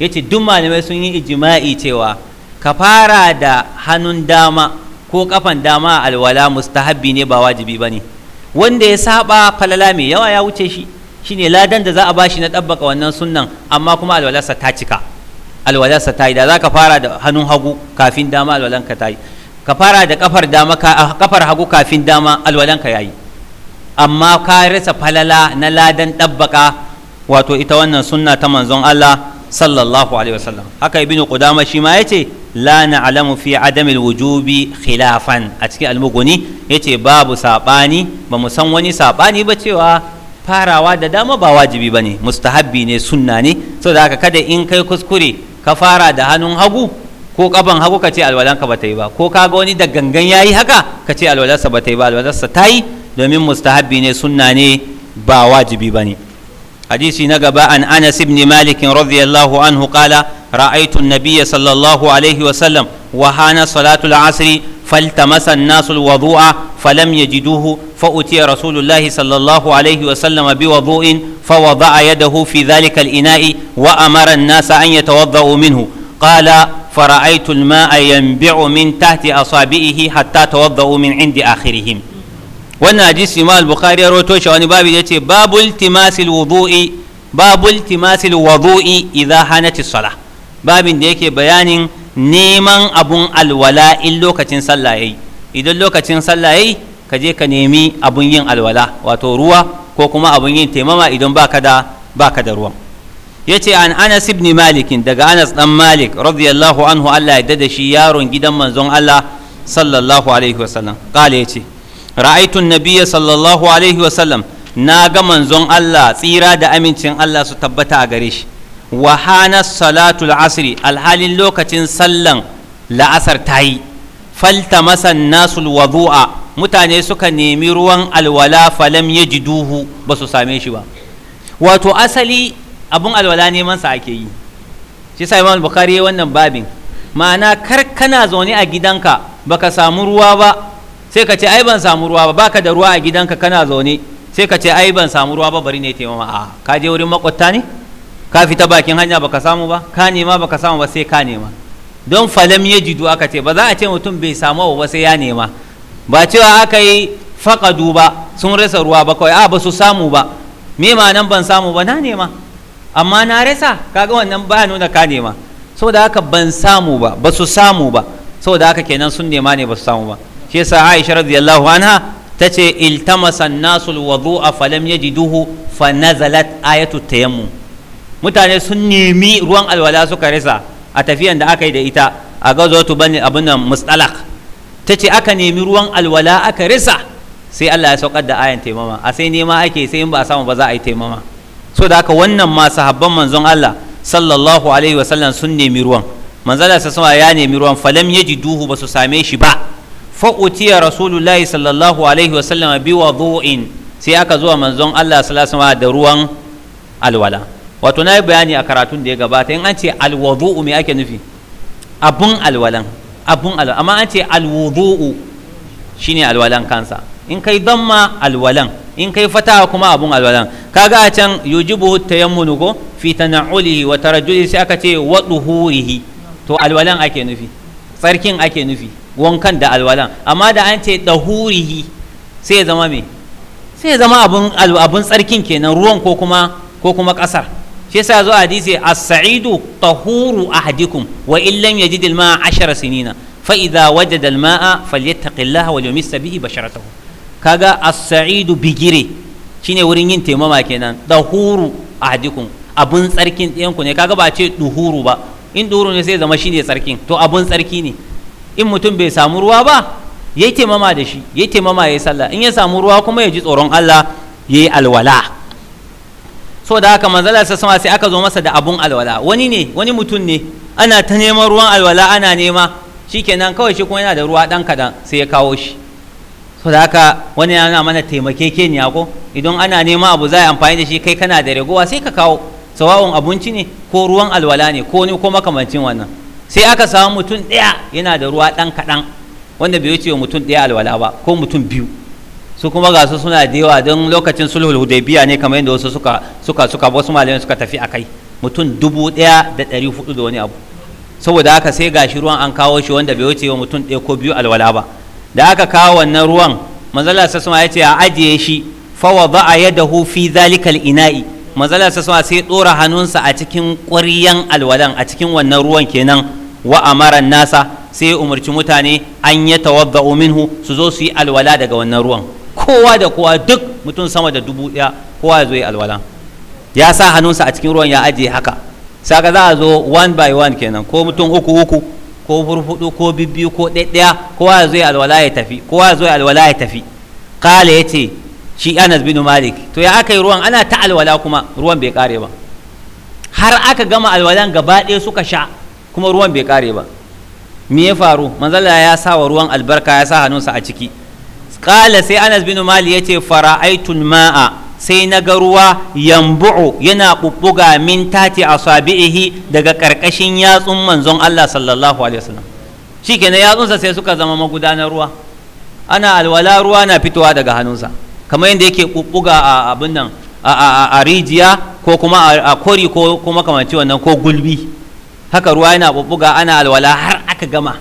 yace duk malamai sun yi ijma'i cewa ka fara da hannun dama ko kafan dama alwala mustahabbi ne ba wajibi ba ne wanda ya saba falala mai yawa ya wuce shi shine ladan da za a bashi na ɗabbaka wannan sunnan amma kuma alwalarsa ta cika alwalarsa ta yi da za ka fara da hannun hagu kafin dama alwalanka ta yi ka fara da kafar dama ah, kafar hagu kafin dama alwalanka ya yi amma ka rasa falala na ladan ɗabbaka wato ita wannan sunna ta manzon Allah sallallahu alaihi wasallam haka ibn qudama shi ma yace la na'lamu fi adami alwujubi khilafan a cikin almuguni yace babu sabani ba mu san wani sabani ba cewa farawa da dama ba wajibi bane mustahabbi ne sunna ne saboda haka kada in kai kuskure ka fara da hannun hagu ko kaban hagu ka ce alwalanka ba ta yi ba ko kaga wani da gangan yayi haka ka ce alwalarsa ba ta yi ba alwalarsa ta yi domin mustahabbi ne sunna ne ba wajibi bane حديث نقب عن أنس بن مالك رضي الله عنه قال رأيت النبي صلى الله عليه وسلم وهان صلاة العصر فالتمس الناس الوضوء فلم يجدوه فأتي رسول الله صلى الله عليه وسلم بوضوء فوضع يده في ذلك الإناء وأمر الناس أن يتوضأوا منه قال فرأيت الماء ينبع من تحت أصابعه حتى توضأوا من عند آخرهم wannan hadisi ma al-bukhari ya rawaito shi wani babu yace babul timasil wudu'i babul timasil wudu'i idha hanati salah babin da yake bayanin neman abun alwala in lokacin sallah yayi idan lokacin sallah yayi ka je ka nemi abun yin alwala wato ruwa ko kuma abun yin taimama idan baka da baka da ruwan yace an Anas ibn Malik daga Anas dan Malik radiyallahu anhu Allah ya dada shi yaron gidan manzon Allah sallallahu alaihi wasallam kale yace ra'aitun nabiyya sallallahu alaihi wasallam na ga manzon Allah tsira da amincin Allah su tabbata a gare shi wa hana salatul asri alhalin lokacin sallan la'asar ta yi falta masan nasul wadu'a mutane suka nemi ruwan alwala falam ya ji duhu ba su same shi ba wato asali abun alwala neman sa ake yi shi sa imam bukhari wannan babin ma'ana kar kana zaune a gidanka baka samu ruwa ba sai ka ce ai ban samu ruwa ba baka da ruwa a gidanka kana zaune sai ka ce ai ban samu ruwa ba bari ne taimama a ka je wurin makwabta ne ka fita bakin hanya baka samu ba ka nema baka samu ba sai ka nema don falam ya jidu aka ce ba za a ce mutum bai samu ba sai ya nema ba cewa aka yi faƙadu ba sun rasa ruwa ba kawai a ba su samu ba me ma nan ban samu ba na nema amma na rasa kaga wannan ba nuna ka nema saboda haka ban samu ba ba su samu ba saboda haka kenan sun nema ne ba su samu ba shi yasa Aisha radiyallahu anha tace iltamasa an-nasu al-wudu'a falam yajiduhu fa ayatu tayammum mutane sun nemi ruwan alwala suka rasa a tafiyan da aka yi da ita a gazawatu bani abin nan mustalaq tace aka nemi ruwan alwala aka rasa sai Allah ya saukar da ayan taimama a sai nema ake sai in ba a samu ba za a yi taimama so da haka wannan ma sahabban manzon Allah sallallahu alaihi wasallam sun nemi ruwan manzala sa sama ya nemi ruwan falam yajiduhu ba su same shi ba fa'utiya rasulullahi sallallahu alaihi wasallam bi wudu'in sai aka zuwa manzon Allah sallallahu alaihi da ruwan alwala wato na yi bayani a karatun da ya gabata in an ce alwudu'u me ake nufi abun alwalan abun alwalan amma an ce alwudu'u shine alwalan kansa in kai damma alwalan in kai fata kuma abun alwalan kaga a can yujibu tayammunu ko fi tana'ulihi wa tarajjulihi sai aka ce wa duhurihi to alwalan ake nufi tsarkin ake nufi wankan da alwalan amma da an ce dahurihi sai ya zama me sai ya zama abun abun tsarkin kenan ruwan ko kuma ko kuma kasar shi yasa zo hadisi as-sa'idu tahuru ahadikum wa illam yajid al-ma'a 10 sinina fa idza wajada al-ma'a falyattaqillaha wa yumis bihi basharatahu kaga as-sa'idu bigire shine wurin yin taimama kenan dahuru ahadikum abun tsarkin ɗayan ne kaga ba ce duhuru ba in duhuru ne sai zama shine tsarkin to abun tsarki ne in mutum bai samu ruwa ba ya yi taimama da shi ya yi taimama ya yi sallah in ya samu ruwa kuma ya ji tsoron Allah ya yi alwala so da haka manzala sa sama sai aka zo masa da abun alwala wani ne wani mutum ne ana ta neman ruwan alwala ana nema shikenan kawai shi kuma yana da ruwa dan kadan sai ya kawo shi so da haka wani yana mana taimakekeniya ko idan ana nema abu za a amfani da shi kai kana da ragowa sai ka kawo sawa'un abinci ne ko ruwan alwala ne ko ni ko makamancin wannan sai aka samu mutum ɗaya yana da ruwa ɗan kaɗan wanda bai wuce mutum ɗaya alwala ba ko mutum biyu su kuma ga suna da yawa don lokacin sulhul hudaybiya ne kamar yadda wasu suka suka suka wasu malamai suka tafi akai mutum dubu ɗaya da ɗari hudu da wani abu saboda haka sai gashi ruwan an kawo shi wanda bai wuce wa mutum ɗaya ko biyu alwala ba da aka kawo wannan ruwan manzala sassuma ya ce a ajiye shi fawa ba a yadda fi zalikal ina'i manzala sa sai ɗora hannunsa a cikin ƙwaryan alwalan a cikin wannan ruwan kenan wa amara nasa sai umarci mutane an ya tawadda'u minhu su zo su yi alwala daga wannan ruwan kowa da kowa duk mutum sama da dubu ɗaya kowa ya zo yi alwala ya sa hannunsa a cikin ruwan ya ajiye haka saka za a zo one by one kenan ko mutum uku uku ko hurhudu ko bibbiyu ko ɗaya kowa ya zo yi alwala ya tafi kowa ya zo yi alwala ya tafi kala ya ce shi anas bin malik to ya aka yi ruwan ana ta alwala kuma ruwan bai kare ba har aka gama alwalan gaba ɗaya suka sha kuma ruwan bai kare ba me ya faru manzala ya sa wa ruwan albarka ya sa hannunsa a ciki kala sai anas bin mali ya ce fara'aitun ma'a sai na ga ruwa yambu'u yana bubbuga min tati asabihi daga karkashin yatsun manzon Allah sallallahu alaihi wasallam shikenan yatsunsa sai suka zama magudanar ruwa ana alwala ruwa na fitowa daga hannunsa kamar yadda yake bubbuga a abin nan a rijiya ko kuma a kori ko kuma kamanci wannan ko gulbi haka ruwa yana bubbuga ana alwala har aka gama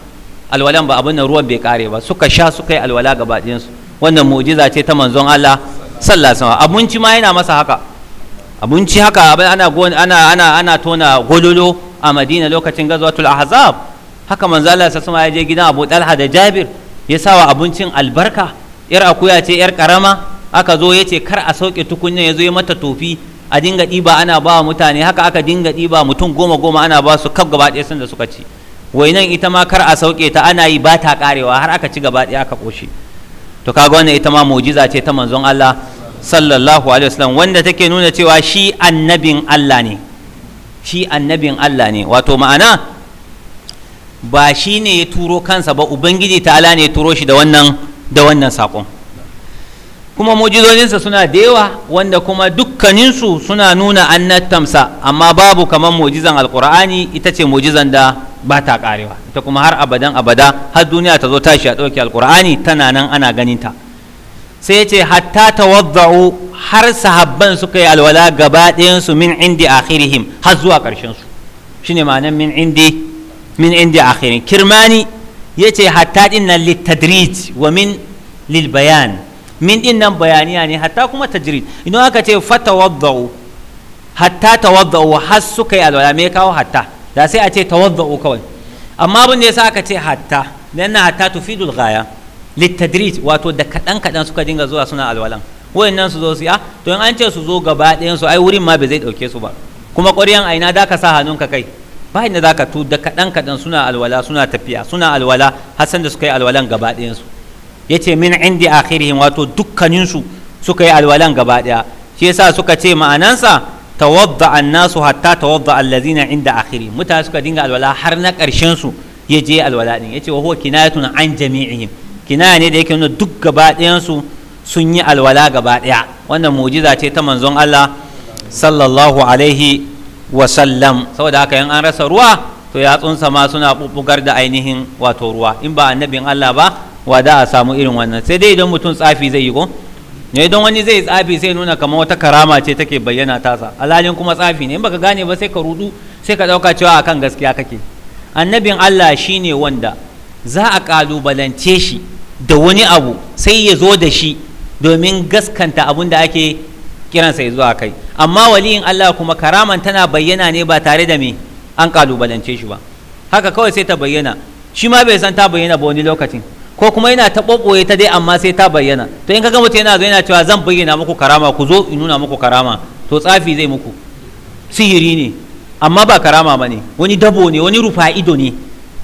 alwalan ba abin nan ruwan bai kare ba suka sha suka yi alwala gaba su wannan mu'jiza ce ta manzon Allah sallallahu alaihi abinci ma yana masa haka abinci haka ana ana ana ana tona gololo a Madina lokacin gazwatul ahzab haka manzon Allah sallallahu alaihi ya je gidan Abu Talha da Jabir ya sawa abincin albarka yar akuya ce yar karama aka zo ya ce kar a sauke tukunya ya zo ya mata tofi a dinga ɗiba ana ba wa mutane haka aka dinga ɗiba mutum goma goma ana ba su kaf gaba ɗaya sun da suka ci wainan ita ma kar a sauke ta ana yi ba ta karewa har aka ci gaba ɗaya aka ƙoshi to kaga wannan ita ma mujiza ce ta manzon Allah sallallahu alaihi wasallam wanda take nuna cewa shi annabin Allah ne shi annabin Allah ne wato ma'ana ba shi ne ya turo kansa ba ubangiji ta'ala ne ya turo shi da wannan da wannan saƙon kuma mujizozinsa suna da yawa wanda kuma dukkaninsu suna nuna annattamsa amma babu kamar mujizan alkur'ani ita ce mujizan da ba ta karewa ita kuma har abadan abada har duniya ta zo tashi a ɗauki alkur'ani tana nan ana ganinta sai ce hatta tawadda'u har sahabban suka yi alwala gaba ɗayansu min indi akhirihim har zuwa su shine ma'anar min indi min indi akhirin kirmani yace hatta dinnan littadrij wa min lilbayan. min din nan bayaniya ne hatta kuma tajrid ino aka ce fatawaddau hatta tawaddau har suka yi alwala me kawo hatta da sai a ce tawaddau kawai amma abin da yasa aka ce hatta dan hatta tufidul ghaya litadrij wato da kadan kadan suka dinga zuwa suna alwalan wayannan su zo su ah to in an ce su zo gaba ɗayan su ai wurin ma bai zai dauke su ba kuma ƙwaryan aina da ka sa hannunka kai ba inda za ka tu da kaɗan kaɗan suna alwala suna tafiya suna alwala har da suka yi alwalan gaba ɗayansu yace min indi akhirihim wato dukkaninsu suka yi alwalan gaba daya shi yasa suka ce ma'anansa tawadda annasu hatta tawadda allazina inda akhirihim mutane suka dinga alwala har na karshen su ya je alwala din yace wa huwa kinayatun an jami'ihim kinaya ne da yake nuna duk gaba su sun yi alwala gaba daya wannan mu'jiza ce ta manzon Allah sallallahu alaihi wa sallam saboda haka yin an rasa ruwa to yatsunsa ma suna bubbugar da ainihin wato ruwa in ba annabin Allah ba wa za a samu irin wannan sai dai idan mutum tsafi zai yi ko ne don wani zai tsafi sai nuna kamar wata karama ce take bayyana tasa alhalin kuma tsafi ne in baka gane ba sai ka rudu sai ka dauka cewa akan gaskiya kake annabin Allah shine wanda za a kalubalance shi da wani abu sai ya zo da shi domin gaskanta abun da ake kiransa ya zuwa kai amma waliyin Allah kuma karaman tana bayyana ne ba tare da me an kalubalance shi ba haka kawai sai ta bayyana shi ma bai san ta bayyana ba wani lokacin ko kuma yana ta ɓoɓɓoye ta dai amma sai ta bayyana to in kaga mutum yana zo yana cewa zan bayyana muku karama ku zo in nuna muku karama to tsafi zai muku sihiri ne amma ba karama ba ne wani dabo ne wani rufa ido ne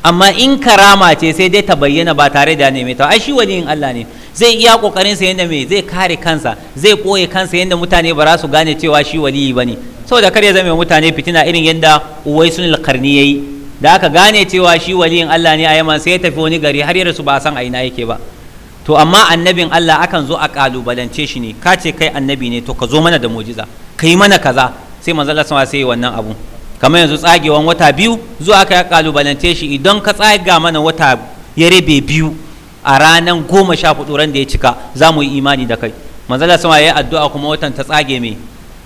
amma in karama ce sai dai ta bayyana ba tare da neme ta ai shi wani in Allah ne zai iya kokarin sa yanda me zai kare kansa zai koye kansa yanda mutane ba za su gane cewa shi waliyi bane saboda kar ya zama mutane fitina irin yanda Uwaisul Qarni yayi da aka gane cewa shi waliyin Allah ne a yaman sai ya tafi wani gari har ya rasu ba san a ina yake ba to amma annabin Allah akan zo a kalubalance shi ne ka ce kai annabi ne to ka zo mana da mujiza ka yi mana kaza sai manzo Allah sai sai wannan abu kamar yanzu tsagewan wata biyu zuwa aka ya kalubalance shi idan ka tsaga mana wata ya rabe biyu a ranan goma sha hudu ran da ya cika za mu yi imani da kai manzo Allah sama ya yi addu'a kuma watan ta tsage mai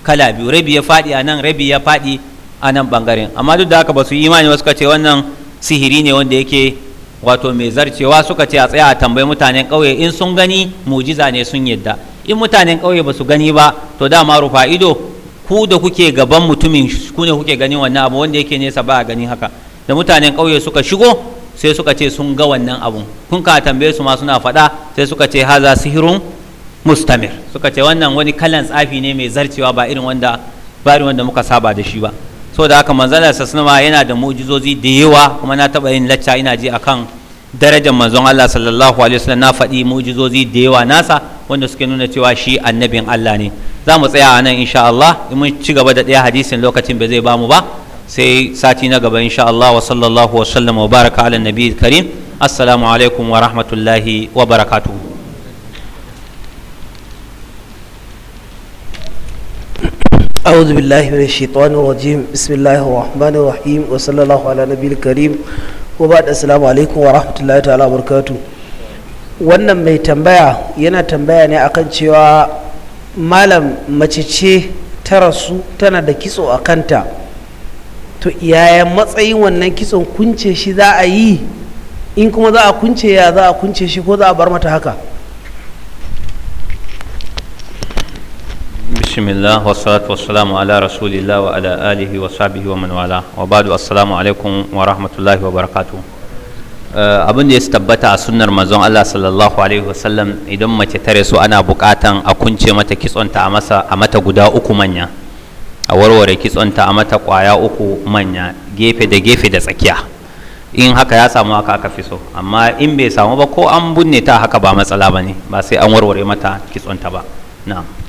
kala biyu rabi ya faɗi anan rabi ya faɗi a nan bangaren amma duk da haka ba su yi imani ba suka ce wannan sihiri ne wanda yake wato mai zarcewa suka ce a tsaya a tambayi mutanen ƙauye in sun gani mujiza ne sun yadda in mutanen ƙauye ba su gani ba to dama rufa ido ku da kuke gaban mutumin ku ne kuke gani wannan abu wanda yake nesa ba a gani haka da mutanen ƙauye suka shigo sai suka ce sun ga wannan abun kun ka tambaye su ma suna faɗa sai suka ce haza sihirun mustamir suka ce wannan wani kalan tsafi ne mai zarcewa ba irin wanda ba irin wanda muka saba da shi ba so da haka manzala sasama yana da mu'jizozi da yawa kuma na taɓa yin lacca ina ji akan darajar manzon Allah sallallahu alaihi wasallam na faɗi mu'jizozi da yawa nasa wanda suke nuna cewa shi annabin Allah ne za mu tsaya a nan insha Allah in mun ci gaba da ɗaya hadisin lokacin ba zai ba mu ba sai sati na gaba insha Allah wa sallallahu wa sallam wa baraka ala nabiyil karim assalamu alaikum wa rahmatullahi wa barakatuhu أعوذ بالله من الشيطان الرجيم بسم الله الرحمن الرحيم وصلى الله على نبي الكريم وبعد السلام عليكم ورحمة الله تعالى وبركاته wannan mai tambaya yana tambaya ne akan cewa malam mace ce ta rasu tana da kitso a kanta to yaya matsayin wannan kitson kunce shi za a yi in kuma za a kunce ya za a kunce shi ko za a bar mata haka bismillah wassalatu wassalamu ala rasulillah wa ala alihi wa sahbihi wa man wala wa ba'du assalamu alaikum wa rahmatullahi wa barakatuh eh, abin da ya tabbata a sunnar manzon Allah sallallahu alaihi wasallam idan mace tare so ana bukatan a kunce mata kitsonta a masa a mata guda uku manya a warware kitsonta a mata kwaya uku manya gefe da gefe da tsakiya in haka ya samu haka aka fi so amma in bai samu ba ko an binne ta haka ba matsala ba ne ba sai an warware mata kitsonta ba na'am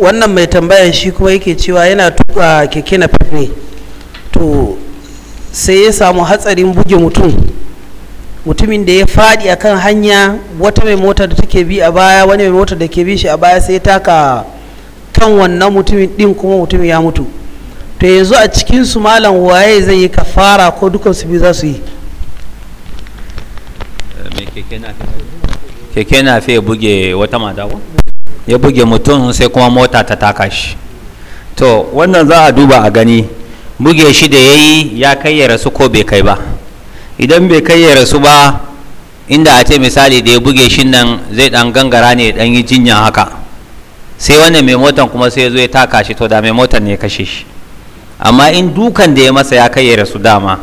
wannan mai tambayan shi kuma yake cewa yana tuka keke na to sai ya samu hatsarin buge mutum mutumin da ya faɗi a kan hanya wata mai mota da take bi a baya wani mai mota da ke bi shi a baya sai ya taka kan wannan mutumin ɗin kuma mutumin ya mutu to yanzu a cikinsu malam waye zai yi kafara ko su biyu za su yi eh, keke na fiye buge wata mata ko? ya buge mutum sai kuma mota ta taka shi to wannan za a duba a gani buge shi da ya yi ya kai ya rasu ko bai kai ba idan bai kai ya rasu ba inda a ce misali da ya buge shi nan zai dan gangara ne dan yi jinya haka sai wannan mai motan kuma sai ya zo ya taka shi to da mai motan ne ya kashe shi amma in dukan da ya masa ya kai ya rasu dama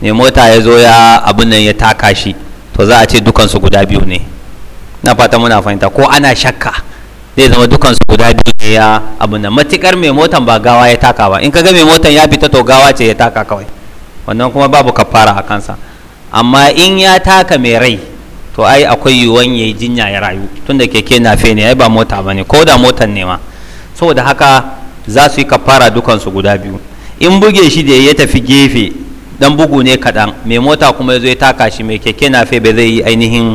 mai mota ya zo ya abin nan ya taka shi to za a ce dukansu guda biyu ne na fata muna fahimta ko ana shakka zai zama dukan su guda biyu ne ya abin da matukar mai motan ba gawa ya taka ba in ka ga mai motan ya fita to gawa ce ya taka kawai wannan kuma babu kafara a kansa amma in ya taka mai rai to ai akwai yiwuwan yi jinya ya rayu tunda keke na fe ne ai ba mota ba ne ko da motan ne ma saboda haka za su yi kafara dukan su guda biyu in buge shi da ya tafi gefe dan bugu ne kaɗan mai mota kuma ya zo ya taka shi mai keke na fe ba zai yi ainihin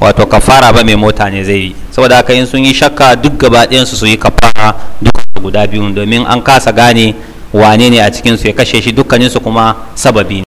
wato kafara ba mai mota ne zai yi saboda haka in sun yi shakka duk gaba ɗayan su yi kafara duk guda biyun domin an kasa gane wane ne a cikinsu ya kashe shi dukkaninsu kuma sababi